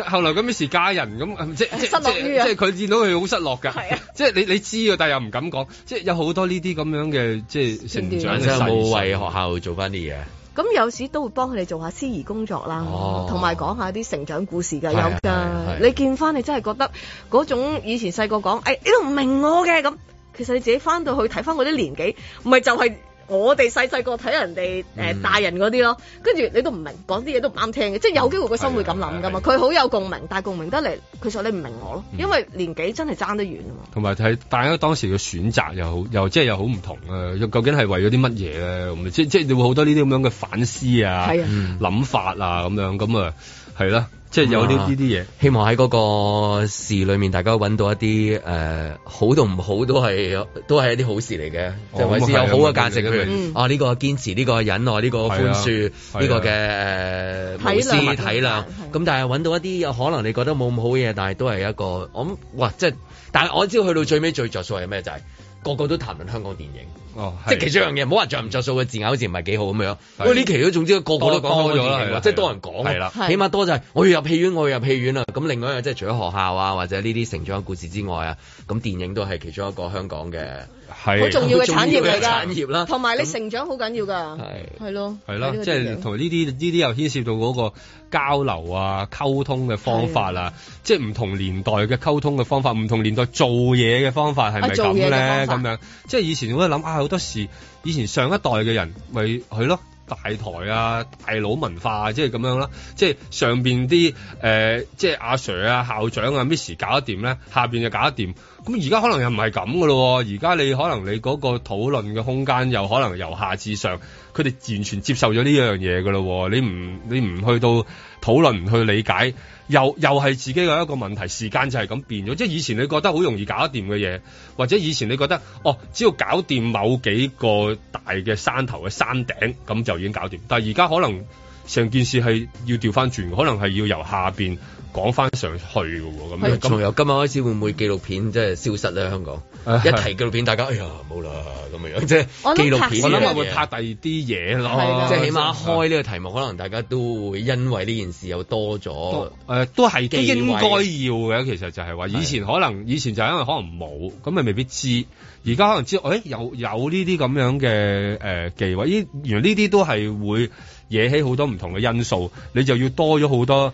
後來個 Miss 嫁人咁，即即即即係佢見到佢好失落㗎，即係你你知㗎，但係又唔敢講，即係有好多呢啲咁樣嘅即係成長嘅細。有冇為學校做翻啲嘢？咁有時都會幫佢哋做下司儀工作啦，同埋講下啲成長故事㗎，有㗎。你見翻你真係覺得嗰種以前細個講，誒你都唔明我嘅咁，其實你自己翻到去睇翻嗰啲年紀，唔係就係。我哋細細個睇人哋誒大人嗰啲咯，跟、嗯、住你都唔明，講啲嘢都唔啱聽嘅，即係有機會個心會咁諗噶嘛，佢、嗯、好有共鳴，但係共鳴得嚟，佢實你唔明我咯、嗯，因為年紀真係爭得遠啊嘛。同埋睇大家當時嘅選擇又好，又即係又好唔同啊！究竟係為咗啲乜嘢咧？即即係你會好多呢啲咁樣嘅反思啊、諗法啊咁樣咁啊，係啦。即係有呢啲啲嘢，希望喺嗰個事裏面，大家揾到一啲誒、呃、好同唔好都係都係一啲好事嚟嘅，即、哦、係、就是、有好嘅價值譬如、哦嗯。啊、呢、這個堅持，呢、嗯這個忍耐，呢、這個寬恕，呢、啊這個嘅誒體諒，體諒。咁、啊啊啊、但係揾到一啲有可能你覺得冇咁好嘅嘢，但係都係一個我諗哇，即係但係我知道去到最尾最着數係咩就係、是、個個都談論香港電影。哦，即係其中一樣嘢，冇話着唔着數嘅字眼好似唔係幾好咁樣。喂，呢期都總之個,個個都講咗啦，即係多人講，係啦，起碼多就係、是、我要入戲院，我要入戲院啦。咁另外一樣即係除咗學校啊，或者呢啲成長嘅故事之外啊，咁電影都係其中一個香港嘅好重要嘅產業嚟㗎。產業啦，同埋你成長好緊要㗎，係囉，咯，係啦，即係同呢啲呢啲又牽涉到嗰個交流啊、溝通嘅方法啊，即係唔同年代嘅溝通嘅方法，唔同年代做嘢嘅方法係咪咁咧？咁、啊、樣,樣即係以前我諗有好多時以前上一代嘅人，咪去咯大台啊、大佬文化啊，即係咁樣啦。即係上邊啲誒，即係阿 Sir 啊、校長啊、Miss 搞得掂咧，下邊就搞得掂。咁而家可能又唔係咁噶咯。而家你可能你嗰個討論嘅空間，又可能由下至上，佢哋完全接受咗呢樣嘢噶咯。你唔你唔去到討論，唔去理解。又又係自己嘅一個問題，時間就係咁變咗。即係以前你覺得好容易搞得掂嘅嘢，或者以前你覺得哦，只要搞掂某幾個大嘅山頭嘅山頂，咁就已經搞掂。但係而家可能成件事係要調翻轉，可能係要由下邊講翻上去嘅喎。咁仲有今日開始，會唔會紀錄片即係消失咧？香港？一提紀錄片，大家哎呀，冇啦咁樣，即係紀錄片，我諗咪會拍第二啲嘢咯。即係起碼開呢個題目，可能大家都會因為呢件事又多咗。誒、呃，都係應該要嘅。其實就係、是、話，以前可能以前就因為可能冇，咁咪未必知。而家可能知，誒、哎、有有呢啲咁樣嘅誒計劃。咦，原來呢啲都係會惹起好多唔同嘅因素，你就要多咗好多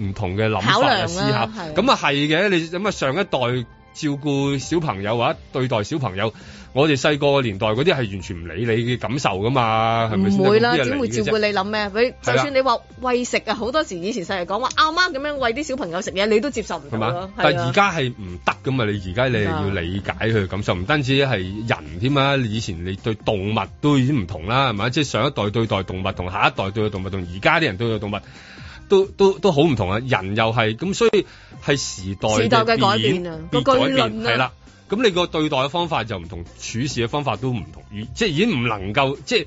唔同嘅諗法思考、啊。咁啊係嘅，你諗咪上一代。照顧小朋友或者對待小朋友，我哋細個年代嗰啲係完全唔理你嘅感受噶嘛，係咪先？唔會啦，點會照顧你諗咩？就算你話喂食啊，好多時以前細個講話阿媽咁樣喂啲小朋友食嘢，你都接受唔到，啊。但係而家係唔得噶嘛？你而家你要理解佢嘅感受，唔單止係人添啊，以前你對動物都已經唔同啦，係咪？即係上一代對待動物同下一代對待動物同而家啲人對待動物。都都都好唔同啊！人又係咁，所以係時代嘅改變啊個改變係、啊、啦。咁、啊、你個對待嘅方法就唔同，處事嘅方法都唔同，即係已經唔能夠，即係。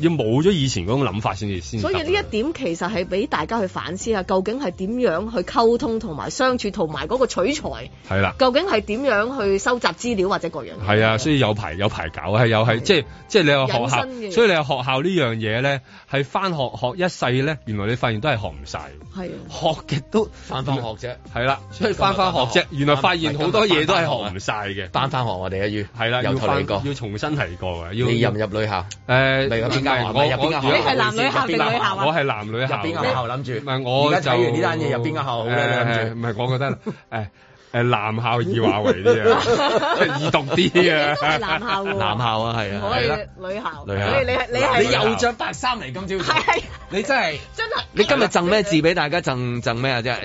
要冇咗以前嗰種諗法先至先，所以呢一點其實係俾大家去反思下，究竟係點樣去溝通同埋相處同埋嗰個取材係啦。究竟係點樣去收集資料或者各樣嘢？係啊，所以有排有排搞係又係即係即係你有學校，所以你有學校呢樣嘢咧，係翻學學一世咧，原來你發現都係學唔晒，係學極都翻翻學啫。係啦，所以翻翻學啫。原來發現好多嘢都係學唔晒嘅，翻翻學我哋一啦，由頭嚟過，要重新嚟過嘅，要你入唔入女校？欸是我是我入校你係男女校定女校，校啊？我係男女校、啊，入邊個校諗住？唔係，我而家睇完呢單嘢入邊個校好咧諗住？唔、okay, 係我覺得、okay, uh, uh, 誒，男校以話為啲啊，易讀啲啊，男校，男校啊。係啊，我係女，女校，女校。你你係你又着白衫嚟今朝、啊，你真係真係，你今日贈咩字俾大家？贈贈咩啊？即、啊、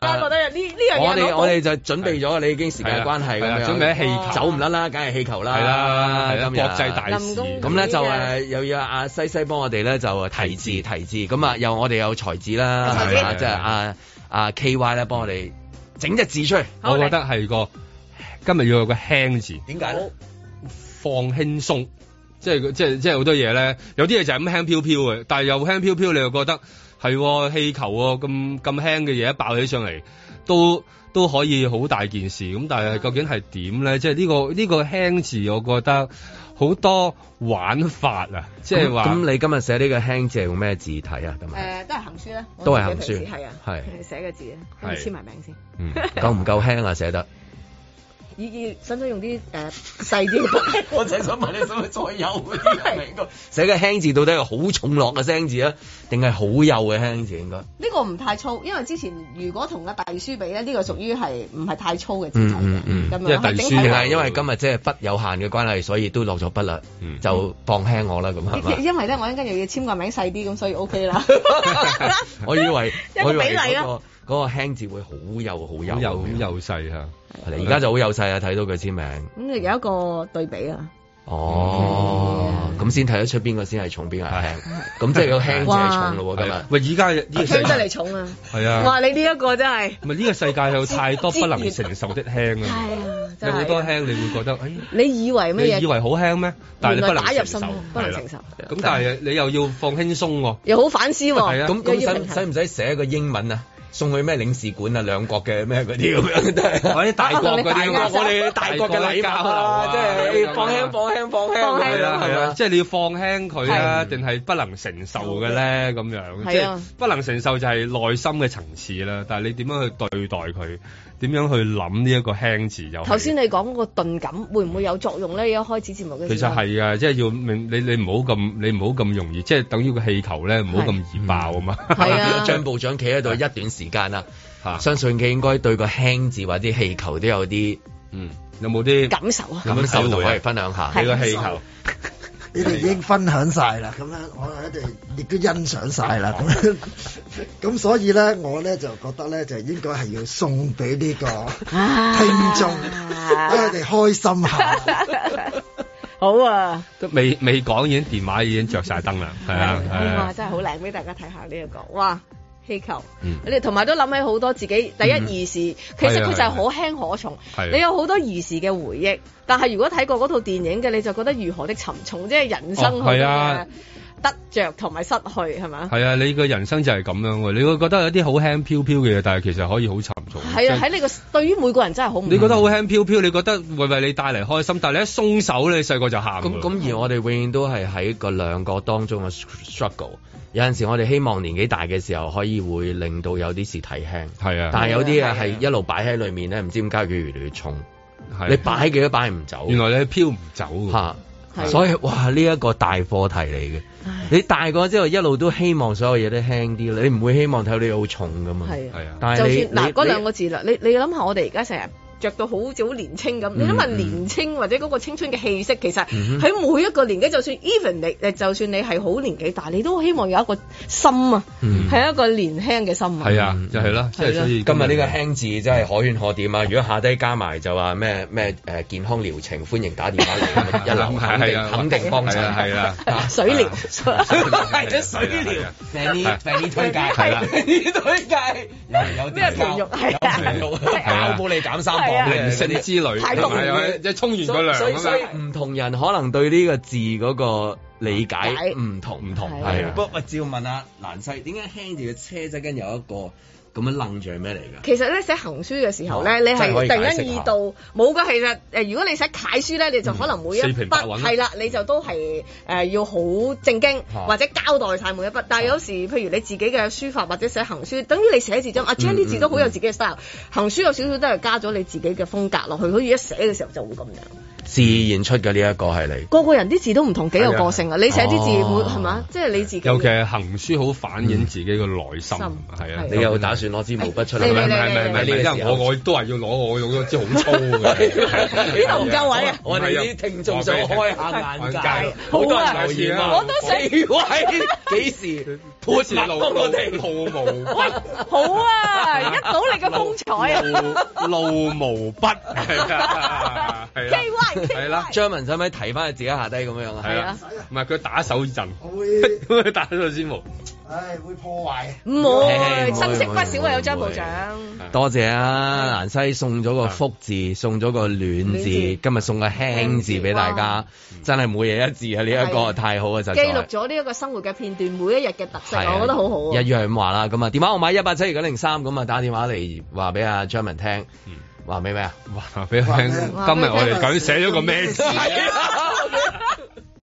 大家覺得呢呢樣我哋我哋就準備咗，你已經時間關係、啊啊啊，準備氣球，啊、走唔甩啦，梗係氣球啦，係啦、啊啊啊，國際大事咁咧就誒、啊，又要阿西西幫我哋咧就提字提字，咁啊，又我哋有才字啦，即係阿阿 K Y 咧幫我哋。整隻字出嚟，我覺得係個今日要有個輕字，點解咧？放輕鬆，即係即係即係好多嘢咧。有啲嘢就係咁輕飄飄嘅，但係又輕飄飄，你又覺得係、哦、氣球喎、啊，咁咁輕嘅嘢爆起上嚟都都可以好大件事。咁但係究竟係點咧？即係、呢個、呢個呢、呢個輕字，我覺得。好多玩法啊！即係話，咁你今日寫呢個輕字係用咩字體啊？今日誒都係行書咧、啊，都係行書係啊，係寫嘅字、嗯、夠夠啊，咁簽埋名先，嗯，夠唔夠輕啊？寫得。要想唔想用啲誒細啲筆？呃、筆 我淨係想問你，使唔使再幼啲？ 應該寫、這個輕字，到底係好重落嘅輕字啊，定係好幼嘅輕字應該？呢個唔太粗，因為之前如果同個大書比呢，呢、這個屬於係唔係太粗嘅字體。嗯嗯嗯。大、嗯、書係，因為今日即係筆有限嘅關係，所以都落咗筆啦，就放輕我啦，咁、嗯、係因，因為呢，我陣間又要簽個名細啲，咁所以 OK 啦。 我以為 比例我以為嗰個。啊嗰、那個輕字會好幼，很幼、啊，好幼，好、啊、幼細啊！而家就好幼細啊！睇到佢簽名咁，有一個對比啊！哦，咁先睇得出邊個先係重，邊個係輕。咁即係有輕寫重咯，今日喂，而家輕得嚟重啊！係啊， 啊！哇！你呢一個真係呢、這個世界有太多不能承受的輕啊！啊！有好多輕，你會覺得、哎、你以為咩你以為好輕咩？但係你不能承受，不能承受。咁但係你又要放輕鬆喎、啊，又好反思喎、啊。咁使唔使寫一個英文啊？送去咩領事館啊，兩國嘅咩嗰啲咁樣，即係啲大國嗰啲、啊，我、啊、哋大，大國嘅禮物啊，即係、啊就是、放輕放輕放輕係啦，即係、啊啊啊就是、你要放輕佢啊，定係、啊、不能承受嘅咧咁樣，即係、啊就是、不能承受就係內心嘅層次啦，但係你點樣去對待佢？點樣去諗呢一個輕字就？有頭先你講個頓感會唔會有作用咧、嗯？一開始節目嘅其實係啊，即、就、係、是、要你你要你唔好咁你唔好咁容易，即、就、係、是、等於個氣球咧，唔好咁易爆啊嘛。係、嗯、 啊，張、啊、部長企喺度一段時間啦、啊，相信佢應該對個輕字或者啲氣球都有啲嗯，有冇啲感受啊？有有感受同可以分享下你個氣球？ 你哋已經分享晒啦，咁樣我哋亦都欣賞晒啦，咁咁所以咧，我咧就覺得咧就應該係要送俾呢個聽眾，俾佢哋開心一下。 好啊都，都未未講完，已經電話已經着晒燈啦，係 啊，啊，啊，哇，真係好靚，俾大家睇下呢一個，哇！氣球，你同埋都諗起好多自己第一二事，嗯，其實佢就係可輕可重。你有好多兒時嘅回憶，但係如果睇過嗰套電影嘅，你就覺得如何的沉重，即係人生嗰啲，哦、得着同埋失去，係嘛？係啊，你嘅人生就係咁樣，你會覺得有啲好輕飄飄嘅嘢，但係其實可以好沉重。係啊，喺、就是、你個對於每個人真係好唔同。你覺得好輕飄飄？你覺得會為你帶嚟開心，但係你一鬆手你細個就喊。咁而我哋永遠都係喺個兩個當中嘅 struggle。有陣時，我哋希望年紀大嘅時候可以會令到有啲事睇輕。係啊，但係有啲啊係一路擺喺裏面咧，唔、啊、知點解佢越嚟越重，啊、你擺幾都擺唔走，原來你漂唔走嚇、啊啊，所以哇，呢、這、一個大課題嚟嘅、啊，你大個之後一路都希望所有嘢都輕啲，你唔會希望睇到你好重噶嘛，係啊，但係你嗱嗰、啊、兩個字啦，你你諗下我哋而家成日。著到好似好年青咁，你諗下年青或者嗰個青春嘅氣息，其實喺每一個年紀，就算 even 你就算你係好年紀大，你都希望有一個心啊，係、嗯、一個年輕嘅心啊。係啊，就係、是、啦，即係今日呢個輕字真係可圈可點啊！如果下低加埋就話咩咩健康療程，歡迎打電話嚟一樓， 肯肯定幫襯係啦，係啦，水療，係啊水療，推介，係啦推介，有啲係啊，瘦骨嚟減衫。 啊、零食之類，同埋即係沖完個涼咁，所以唔同人可能對呢個字嗰個理解唔同，唔同係啊。不過我、啊、照問下、啊、蘭西，點解輕住嘅車側跟有一個。咁樣愣住係咩嚟㗎？其實咧寫行書嘅時候咧、哦，你係突然間意到一意度冇㗎。其實、呃、如果你寫楷書咧，你就可能每一筆係啦、嗯，你就都係、呃、要好正經、啊，或者交代晒每一筆。但係有時、啊、譬如你自己嘅書法或者寫行書，等於你寫字中，阿 Jan 啲字都好有自己嘅 style，、嗯嗯嗯、行書有少少都係加咗你自己嘅風格落去，好似一寫嘅時候就會咁樣。.自然出嘅呢一個係你，個個人啲字都唔同，幾有個，個性啊！你寫啲字會係嘛？即、啊、係、就是、你自己。尤其係行書好反映自己嘅內心，係、嗯、啊、啊！你又打算攞支毛筆出嚟咩？唔係唔係，你而家我我都係要攞我用咗支好粗嘅，呢度唔夠位啊！我哋啲聽眾想開下眼界，好多人留言我，我，我，都我 位啊！幾時鋪路毛筆，好 啊！一睹你嘅風采啊！路毛筆，係啦，張文使唔使提翻佢自己下低咁樣啊？係啊，唔係佢打手陣，咁佢 打到先好。唉，會破壞，唔會，生色不少有張部長。多謝啊，蘭西送咗個福字，送咗個暖字，今日送個輕字俾大家，真係每日一字啊！呢一、這個太好啊，就記錄咗呢一個生活嘅片段，每一日嘅特色，我覺得好好、啊。一樣咁話啦，咁啊，電話號碼一八七二九零三，咁啊，打電話嚟話俾阿張文聽。嗯話俾咩啊？話俾我聽，今日我哋究竟寫咗個咩字？